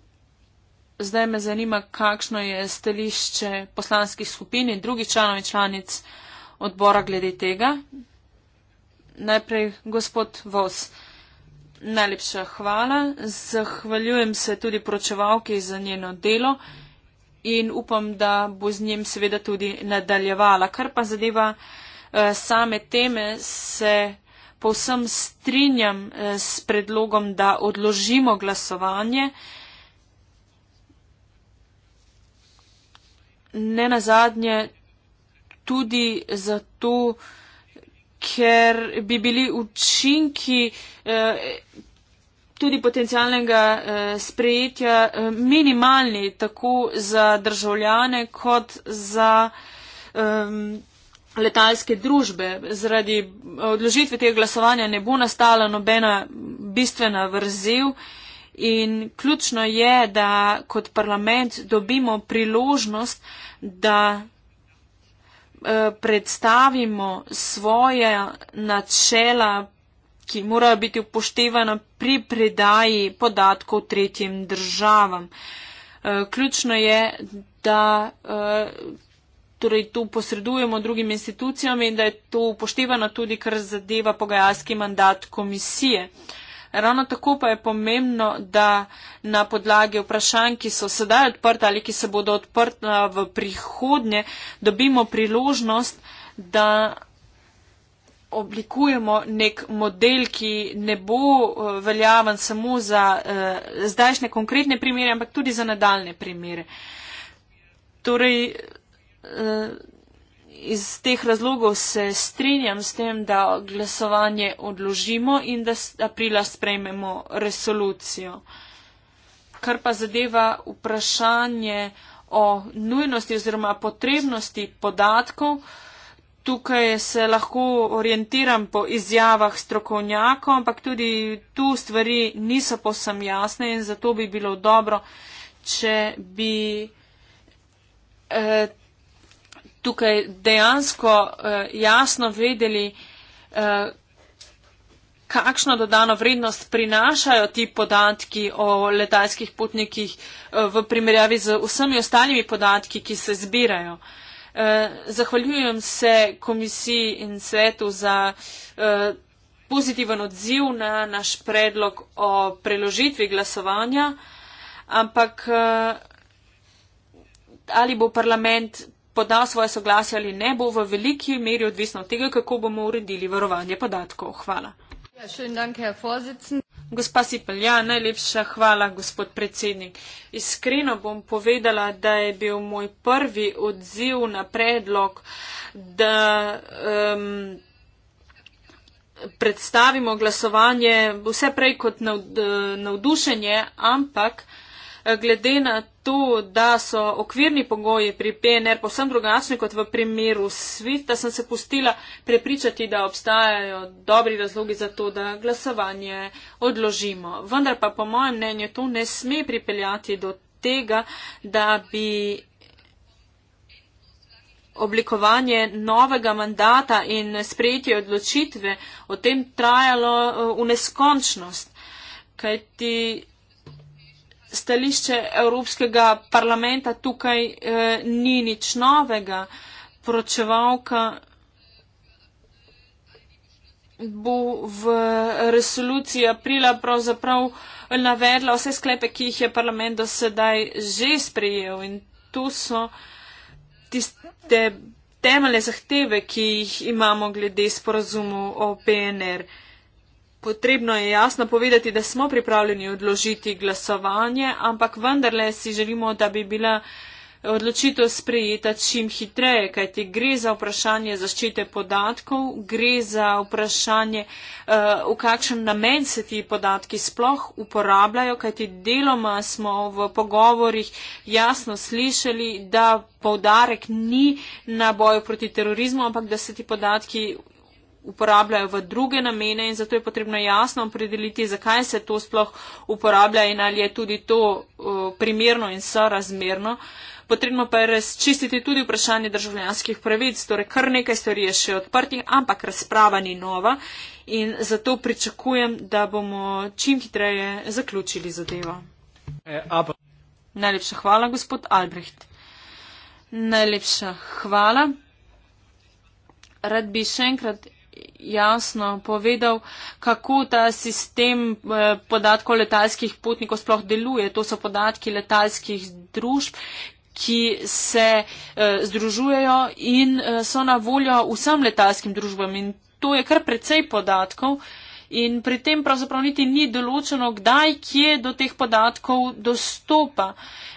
Zdaj me zanima, kakšno je stališče poslanskih skupin in drugih članov in članic odbora glede tega. Najprej, gospod Vos, najlepša hvala. Zahvaljujem se tudi pročevalki za njeno delo in upam, da bo z njim seveda tudi nadaljevala. Kar pa zadeva eh, same teme, se povsem strinjam eh, s predlogom, da odložimo glasovanje. ne na zadnje tudi zato, ker bi bili učinki eh, tudi potencijalnega eh, sprejetja eh, minimalni tako za državljane kot za ehm, letalske družbe. Zaradi odložitve tega glasovanja ne bo nastala nobena bistvena vrzel. In ključno je, da kot parlament dobimo priložnost, da eh, predstavimo svoje načela, ki morajo biti upoštevana pri predaji podatkov tretjim državam. Eh, ključno je, da eh, torej, to posredujemo drugim institucijam in da je to upoštevano tudi, kar zadeva pogajalski mandat komisije. Ravno tako pa je pomembno, da na podlagi vprašanj, ki so sedaj odprta ali ki se bodo odprta v prihodnje, dobimo priložnost, da oblikujemo nek model, ki ne bo eh, veljaven samo za eh, zdajšnje konkretne primere, ampak tudi za nadaljne primere. Torej, eh, iz teh razlogov se strinjam s tem, da glasovanje odložimo in da aprila sprejmemo resolucijo. Kar pa zadeva vprašanje o nujnosti oziroma potrebnosti podatkov, tukaj se lahko orientiram po izjavah strokovnjakov, ampak tudi tu stvari niso posem jasne in zato bi bilo dobro, če bi. Eh, tukaj dejansko uh, jasno vedeli, uh, kakšno dodano vrednost prinašajo ti podatki o letalskih potnikih uh, v primerjavi z vsemi ostalimi podatki, ki se zbirajo. Uh, zahvaljujem se komisiji in svetu za. Uh, pozitiven odziv na naš predlog o preložitvi glasovanja, ampak ali bo parlament podal svoje soglasje ali ne, bo v veliki meri odvisno od tega, kako bomo uredili varovanje podatkov. Hvala. Ja, dank, Gospa Sipelja, najlepša hvala, gospod predsednik. Iskreno bom povedala, da je bil moj prvi odziv na predlog, da. Um, predstavimo glasovanje vse prej kot navdušenje, ampak glede na tu, da so okvirni pogoji pri PNR posem drugačni kot v primeru SWIFT, da sem se pustila prepričati, da obstajajo dobri razlogi za to, da glasovanje odložimo. Vendar pa po mojem mnenju to ne sme pripeljati do tega, da bi oblikovanje novega mandata in sprejetje odločitve o tem trajalo eh, v neskončnost. Kajti stališče Evropskega parlamenta tukaj eh, ni nič novega. Pročevalka bo v resoluciji aprila pravzaprav navedla vse sklepe, ki jih je parlament do sedaj že sprejel in tu so tiste temeljne zahteve, ki jih imamo glede sporazumu o PNR. Potrebno je jasno povedati, da smo pripravljeni odložiti glasovanje, ampak vendarle si želimo, da bi bila odločitev sprejeta čim hitreje, kajti gre za vprašanje zaščite podatkov, gre za vprašanje, eh, v kakšen namen se ti podatki sploh uporabljajo, kajti deloma smo v pogovorih jasno slišali, da povdarek ni na boju proti terorizmu, ampak da se ti podatki uporabljajo v druge namene in zato je potrebno jasno opredeliti, zakaj se to sploh uporablja in ali je tudi to uh, primerno in sorazmerno. Potrebno pa je razčistiti tudi vprašanje državljanskih pravic, torej kar nekaj stvari je še odprtih, ampak razprava ni nova in zato pričakujem, da bomo čim hitreje zaključili zadevo. E, Najlepša hvala, gospod Albrecht. Najlepša hvala. Rad bi še enkrat jasno povedal, kako ta sistem eh, podatkov letalskih potnikov sploh deluje. To so podatki letalskih družb ki se eh, združujejo in eh, so na voljo vsem letalskim družbam. In to je kar precej podatkov, eh, in pri tem pravzaprav niti ni določeno, kdaj, kje do teh podatkov dostopa.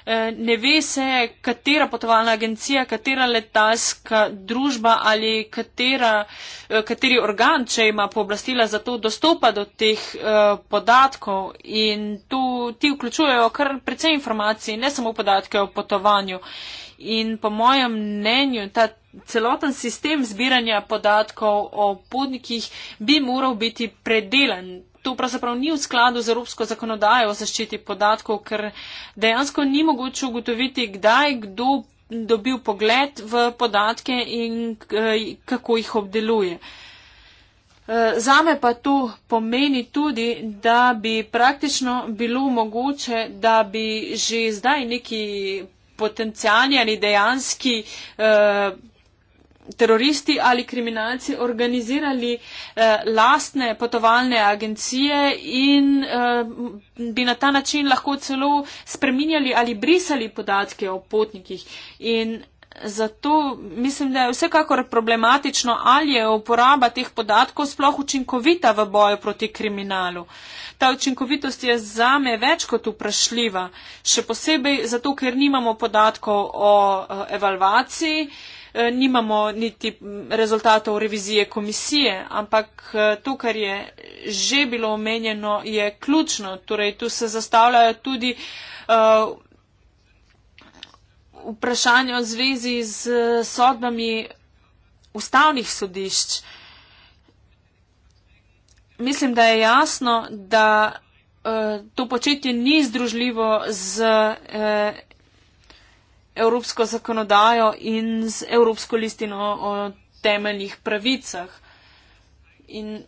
E, ne ve se, katera potovalna agencija, katera letalska družba ali katera, e, kateri organ, če ima pooblastila za to, dostopa do teh e, podatkov in tu ti vključujejo kar precej informacij, ne samo podatke o potovanju. In po mojem mnenju ta celoten sistem zbiranja podatkov o potnikih bi moral biti predelen. To pravzaprav ni v skladu z evropsko zakonodajo o zaščiti podatkov, ker dejansko ni mogoče ugotoviti, kdaj kdo dobil pogled v podatke in eh, kako jih obdeluje. Eh, zame pa to pomeni tudi, da bi praktično bilo mogoče, da bi že zdaj neki potencijalni ali dejanski eh, teroristi ali kriminalci organizirali eh, lastne potovalne agencije in eh, bi na ta način lahko celo spreminjali ali brisali podatke o potnikih. In zato mislim, da je vsekakor problematično, ali je uporaba teh podatkov sploh učinkovita v boju proti kriminalu. Ta učinkovitost je zame več kot vprašljiva, še posebej zato, ker nimamo podatkov o eh, evalvaciji. Eh, nimamo niti rezultatov revizije komisije, ampak eh, to, kar je že bilo omenjeno, je ključno. Torej, tu se zastavljajo tudi eh, vprašanja v zvezi z sodbami ustavnih sodišč. Mislim, da je jasno, da to početje ni združljivo z evropsko zakonodajo in z evropsko listino o temeljnih pravicah. In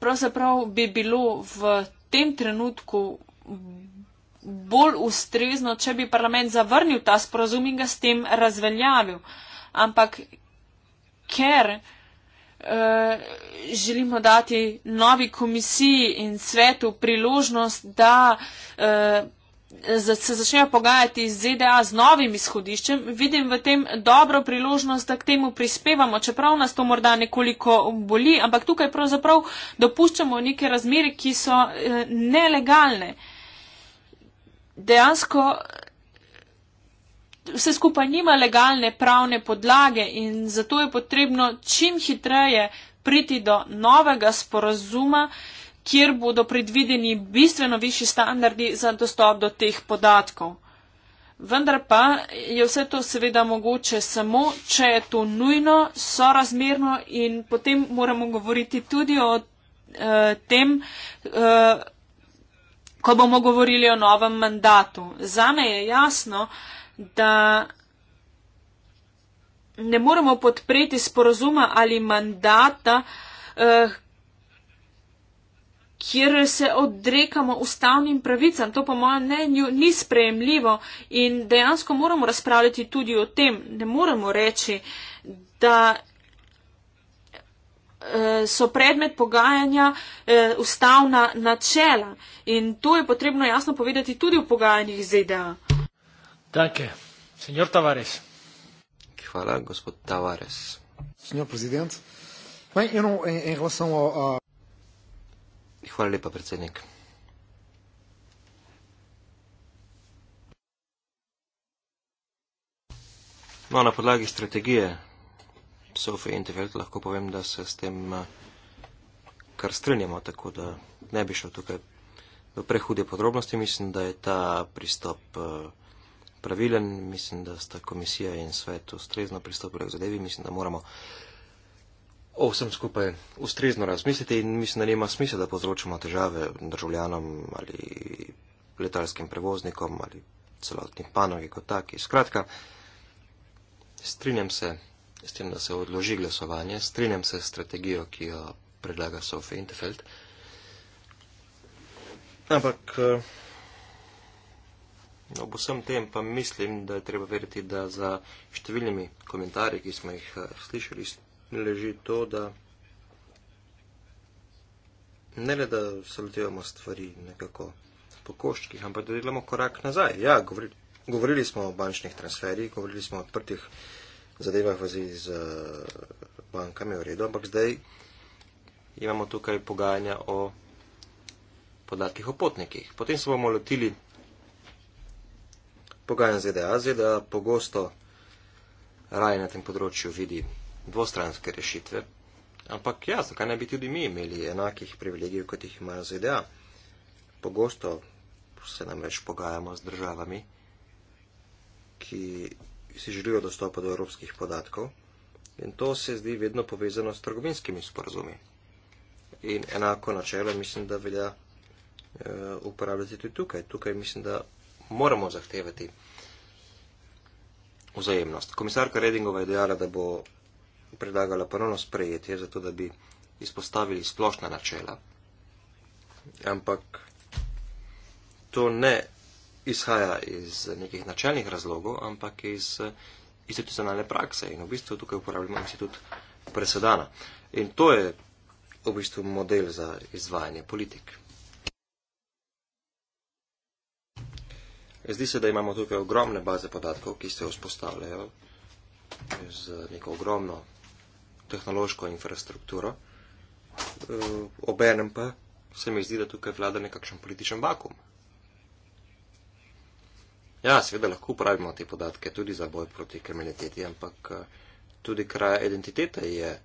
pravzaprav bi bilo v tem trenutku bolj ustrezno, če bi parlament zavrnil ta sporazum in ga s tem razveljavil. Ampak ker eh, želimo dati novi komisiji in svetu priložnost, da eh, se začnejo pogajati z ZDA z novim izhodiščem, vidim v tem dobro priložnost, da k temu prispevamo, čeprav nas to morda nekoliko boli, ampak tukaj pravzaprav dopuščamo neke razmere, ki so eh, nelegalne. Dejansko vse skupaj nima legalne pravne podlage in zato je potrebno čim hitreje priti do novega sporazuma, kjer bodo predvideni bistveno višji standardi za dostop do teh podatkov. Vendar pa je vse to seveda mogoče samo, če je to nujno, sorazmerno in potem moramo govoriti tudi o eh, tem, eh, ko bomo govorili o novem mandatu. Zame je jasno, da ne moremo podpreti sporozuma ali mandata, eh, kjer se odrekamo ustavnim pravicam. To po mojem mnenju ni sprejemljivo in dejansko moramo razpravljati tudi o tem. Ne moramo reči, da eh, so predmet pogajanja eh, ustavna načela in to je potrebno jasno povedati tudi v pogajanjih ZDA. Danke. Senjor Tavares. Hvala, gospod Tavares. Senjor predsednik. Well, you know, in, in relação ao... Uh... Hvala lepa, predsednik. No, na podlagi strategije SOFI in TVLT lahko povem, da se s tem eh, kar strinjamo, tako da ne bi šel tukaj v prehude podrobnosti. Mislim, da je ta pristop eh, pravilen, mislim, da sta komisija in svet ustrezno pristopili k zadevi, mislim, da moramo o vsem skupaj ustrezno razmisliti in mislim, da nima smisla, da povzročamo težave državljanom ali letalskim prevoznikom ali celotni panogi kot taki. Skratka, strinjam se s tem, da se odloži glasovanje, strinjam se s strategijo, ki jo predlaga Sofie Intefeld. Ampak eh, ob vsem tem pa mislim, da je treba veriti, da za številnimi komentarji, ki smo jih eh, slišali, leži to, da ne le, da salutevamo stvari nekako po koščkih, ampak da delamo korak nazaj. Ja, govorili, govorili smo o bančnih transferjih, govorili smo o odprtih zadevah v zvezi z eh, bankami, v redu, ampak zdaj imamo tukaj pogajanja o podatkih o potnikih. Potem se bomo lotili pogajanj z ZDA. ZDA pogosto raje na tem področju vidi dvostranske rešitve. Ampak ja, zakaj ne bi tudi mi imeli enakih privilegijev, kot jih imajo ZDA? Pogosto se nam več pogajamo z državami, ki si želijo dostopa do evropskih podatkov in to se zdi vedno povezano s trgovinskimi sporazumi. In enako načelo mislim, da velja uh, uporabljati tudi tukaj. Tukaj mislim, da moramo zahtevati vzajemnost. Komisarka Redingova je dejala, da bo predlagala ponovno sprejetje, zato da bi izpostavili splošna načela. Ampak to ne izhaja iz nekih načelnih razlogov, ampak iz institucionalne prakse in v bistvu tukaj uporabljamo institut presedana. In to je v bistvu model za izvajanje politik. Zdi se, da imamo tukaj ogromne baze podatkov, ki se vzpostavljajo z neko ogromno tehnološko infrastrukturo, eh, obenem pa se mi zdi, da tukaj vlada nekakšen političen vakum. Ja, seveda lahko uporabimo te podatke tudi za boj proti kriminaliteti, ampak eh, tudi kraja identitete je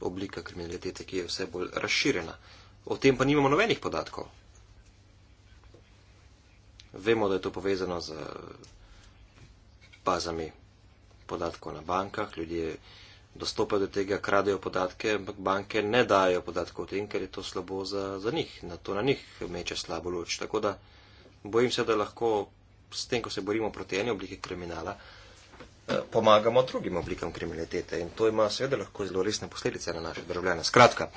oblika kriminalitete, ki je vse bolj razširjena. O tem pa nimamo nobenih podatkov. Vemo, da je to povezano z bazami podatkov na bankah, ljudje dostopajo do tega, kradejo podatke, ampak banke ne dajo podatkov o tem, ker je to slabo za, za njih, na to na njih meče slabo luč. Tako da bojim se, da lahko s tem, ko se borimo proti eni obliki kriminala, eh, pomagamo drugim oblikam kriminalitete in to ima seveda lahko zelo resne posledice na naše državljane. Skratka,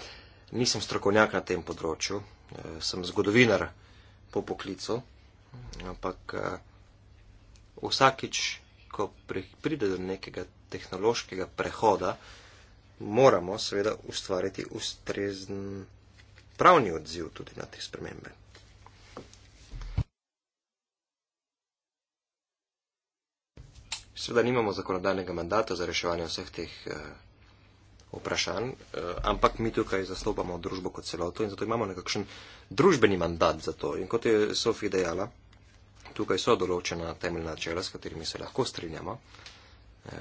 nisem strokovnjak na tem področju, eh, sem zgodovinar po poklicu, ampak eh, vsakič ko pride do nekega tehnološkega prehoda, moramo seveda ustvariti ustrezen pravni odziv tudi na te spremembe. Seveda nimamo zakonodajnega mandata za reševanje vseh teh uh, vprašanj, uh, ampak mi tukaj zastopamo družbo kot celoto in zato imamo nekakšen družbeni mandat za to. In kot je Sofija dejala, tukaj so določena temeljna načela, s katerimi se lahko strinjamo. E,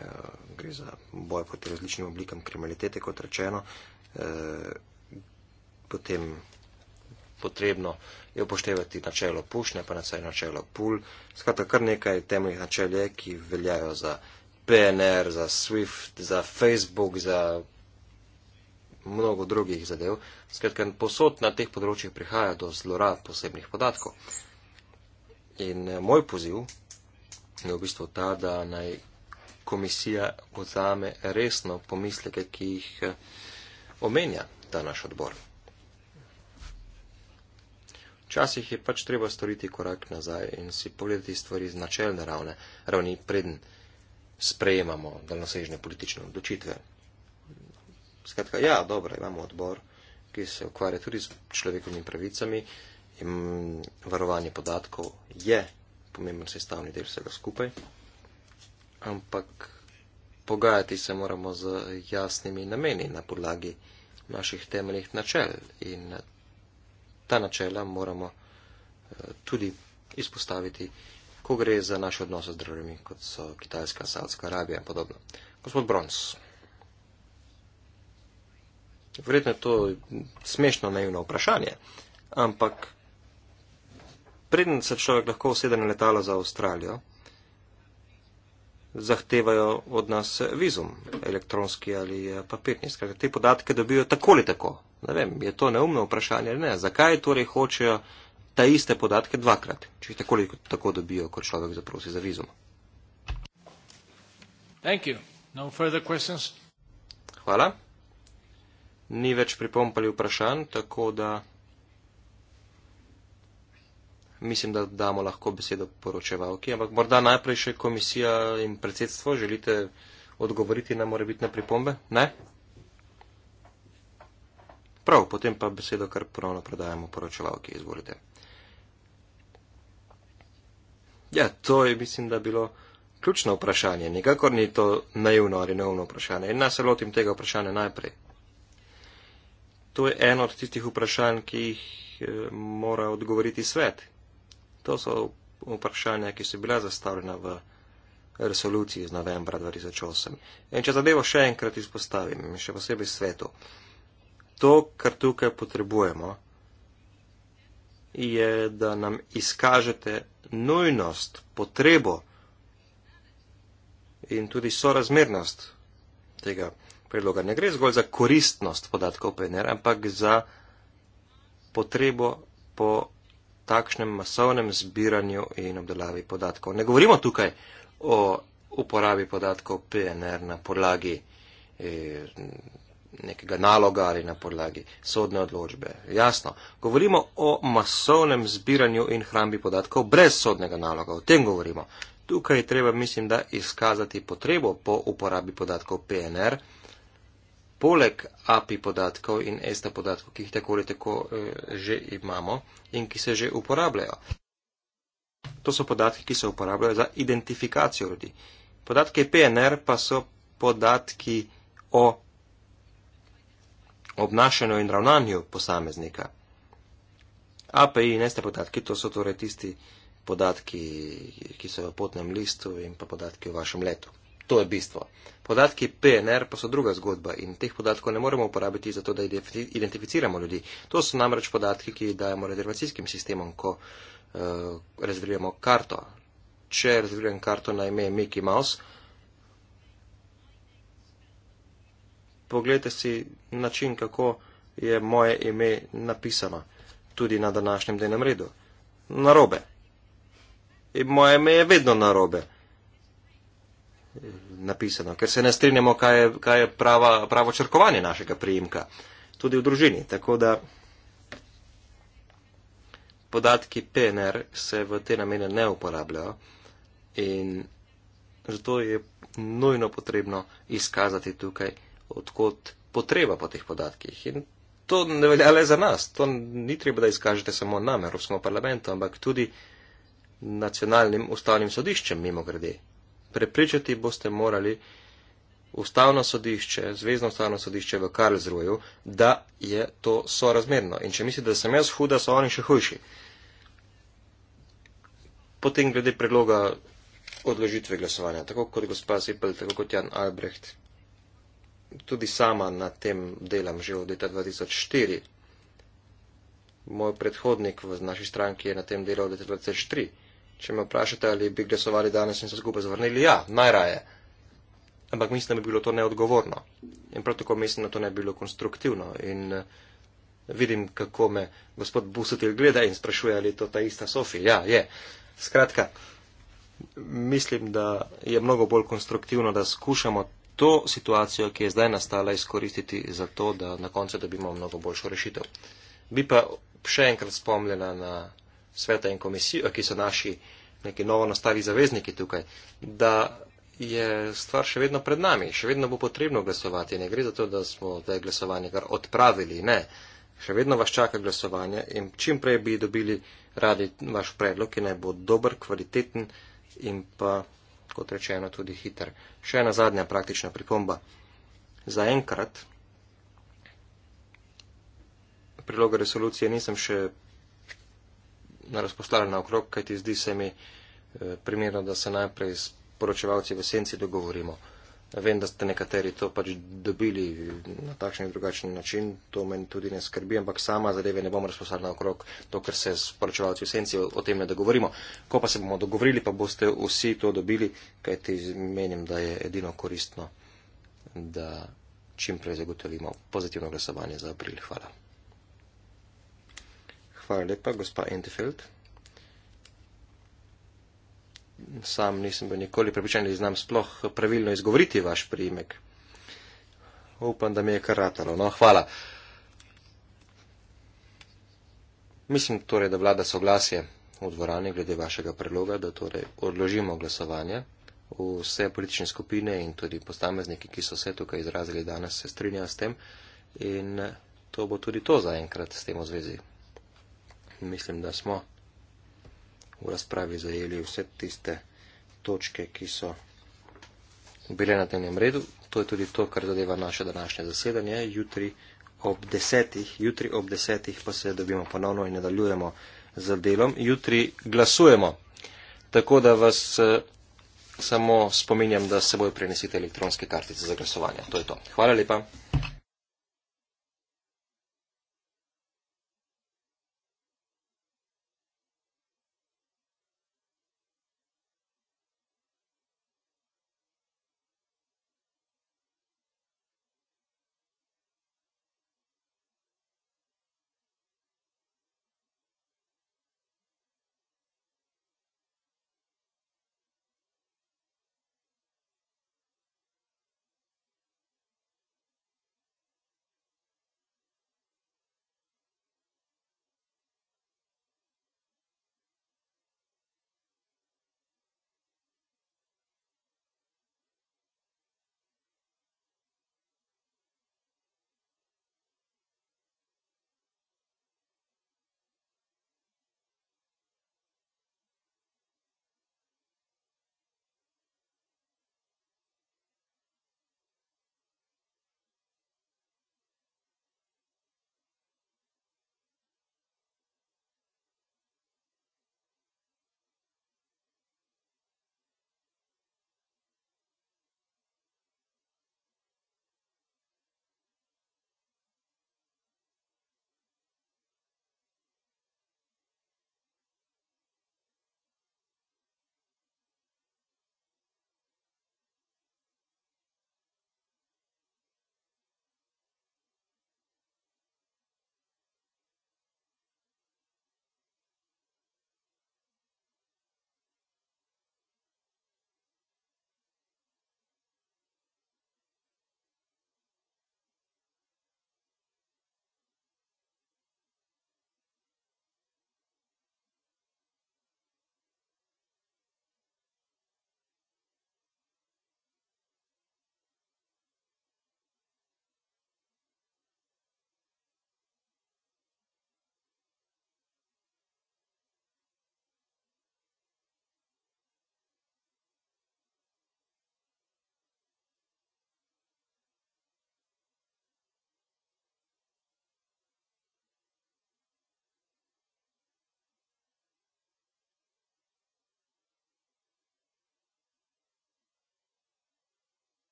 gre za boj proti različnim oblikam kriminalitete, kot rečeno. E, potem potrebno je upoštevati načelo pušne, pa nasaj načelo pul. Skratka, kar nekaj temeljnih načel je, ki veljajo za PNR, za SWIFT, za Facebook, za mnogo drugih zadev. Skratka, posod na teh področjih prihaja do zlorab posebnih podatkov. In eh, moj poziv je v bistvu ta, da naj komisija vzame resno pomisleke, ki jih eh, omenja ta naš odbor. Včasih je pač treba storiti korak nazaj in si pogledati stvari z načelne ravne, ravni predn sprejemamo daljnosežne politične odločitve. Skratka, ja, dobro, imamo odbor, ki se ukvarja tudi s človekovimi pravicami, In varovanje podatkov je pomemben sestavni del vsega skupaj, ampak pogajati se moramo z jasnimi nameni na podlagi naših temeljnih načel in ta načela moramo eh, tudi izpostaviti, ko gre za naše odnose z državami, kot so Kitajska, Saudska Arabija in podobno. Gospod Brons. Verjetno je to smešno naivno vprašanje, ampak Preden se človek lahko usede na letalo za Avstralijo, zahtevajo od nas vizum, elektronski ali eh, papirni. Skratka, te podatke dobijo tako ali tako. Ne vem, je to neumno vprašanje ali ne. Zakaj torej hočejo ta iste podatke dvakrat, če jih tako ali tako dobijo, ko človek zaprosi za vizum? Thank you. No further questions. Hvala. Ni več pripomp ali vprašanj, tako da mislim, da damo lahko besedo poročevalki, ampak morda najprej še komisija in predsedstvo. Želite odgovoriti na morebitne pripombe? Ne? Prav, potem pa besedo kar ponovno predajamo poročevalki. Izvolite. Ja, to je mislim, da bilo ključno vprašanje. Nikakor ni to naivno ali neumno vprašanje. In nas lotim tega vprašanja najprej. To je eno od tistih vprašanj, ki jih eh, mora odgovoriti svet, To so vprašanja, ki so bila zastavljena v resoluciji iz novembra 2008. In če zadevo še enkrat izpostavim, še posebej svetu, to, kar tukaj potrebujemo, je, da nam izkažete nujnost, potrebo in tudi sorazmernost tega predloga. Ne gre zgolj za koristnost podatkov PNR, ampak za potrebo po takšnem masovnem zbiranju in obdelavi podatkov. Ne govorimo tukaj o uporabi podatkov PNR na podlagi eh, nekega naloga ali na podlagi sodne odločbe. Jasno, govorimo o masovnem zbiranju in hrambi podatkov brez sodnega naloga. O tem govorimo. Tukaj treba, mislim, da izkazati potrebo po uporabi podatkov PNR poleg API podatkov in ESTA podatkov, ki jih tako ali tako eh, že imamo in ki se že uporabljajo. To so podatki, ki se uporabljajo za identifikacijo ljudi. Podatke PNR pa so podatki o obnašanju in ravnanju posameznika. API in ESTA podatki, to so torej tisti podatki, ki so v potnem listu in pa podatki o vašem letu. To je bistvo. Podatki PNR pa so druga zgodba in teh podatkov ne moremo uporabiti za to, da identificiramo ljudi. To so namreč podatki, ki jih dajemo rezervacijskim sistemom, ko uh, rezerviramo karto. Če rezerviram karto na ime Mickey Mouse, pogledajte si način, kako je moje ime napisano tudi na današnjem dnevnem redu. Narobe. In moje ime je vedno narobe napisano, ker se ne strinjamo, kaj je, kaj je prava, pravo črkovanje našega priimka, tudi v družini. Tako da podatki PNR se v te namene ne uporabljajo in zato je nujno potrebno izkazati tukaj, odkot potreba po teh podatkih. In to ne velja le za nas, to ni treba, da izkažete samo nam, Evropskemu parlamentu, ampak tudi nacionalnim ustavnim sodiščem mimo grede. Prepričati boste morali ustavno sodišče, zvezdno ustavno sodišče v Karlsruju, da je to sorazmerno. In če mislite, da sem jaz huda, so oni še hujši. Potem glede predloga odložitve glasovanja, tako kot gospa Sipel, tako kot Jan Albrecht, tudi sama na tem delam že od leta 2004. Moj predhodnik v naši stranki je na tem delal od leta 2003. Če me vprašate, ali bi glasovali danes in se skupaj zavrnili, ja, najraje. Ampak mislim, da bi bilo to neodgovorno. In prav tako mislim, da to ne bi bilo konstruktivno. In eh, vidim, kako me gospod Busutil gleda in sprašuje, ali je to ta ista Sofi. Ja, je. Skratka, mislim, da je mnogo bolj konstruktivno, da skušamo to situacijo, ki je zdaj nastala, izkoristiti za to, da na koncu dobimo mnogo boljšo rešitev. Bi pa še enkrat spomnila na sveta in komisijo, ki so naši neki novo nastali zavezniki tukaj, da je stvar še vedno pred nami, še vedno bo potrebno glasovati. Ne gre za to, da smo zdaj glasovanje kar odpravili, ne. Še vedno vas čaka glasovanje in čim prej bi dobili radi vaš predlog, ki naj bo dober, kvaliteten in pa, kot rečeno, tudi hiter. Še ena zadnja praktična pripomba. Za enkrat priloga resolucije nisem še razpostavljena okrog, kajti zdi se mi eh, primerno, da se najprej s poročevalci v senci dogovorimo. Vem, da ste nekateri to pač dobili na takšen in drugačen način, to meni tudi ne skrbi, ampak sama zadeve ne bom razposarjala okrog to, ker se s poročevalci v senci o tem ne dogovorimo. Ko pa se bomo dogovorili, pa boste vsi to dobili, kajti menim, da je edino koristno, da čim prej zagotovimo pozitivno glasovanje za april. Hvala. Hvala lepa, gospa Entefeld. Sam nisem bil nikoli prepričan, da znam sploh pravilno izgovoriti vaš priimek. Upam, da mi je kar ratalo. No, hvala. Mislim torej, da vlada soglasje v dvorani glede vašega predloga, da torej odložimo glasovanje. Vse politične skupine in tudi postamezniki, ki so se tukaj izrazili danes, se strinja s tem in to bo tudi to zaenkrat s tem v zvezi mislim, da smo v razpravi zajeli vse tiste točke, ki so bile na dnevnem redu. To je tudi to, kar zadeva naše današnje zasedanje. Jutri ob desetih, jutri ob desetih pa se dobimo ponovno in nadaljujemo z delom. Jutri glasujemo. Tako da vas eh, samo spominjam, da se bojo prenesite elektronske kartice za glasovanje. To je to. Hvala lepa.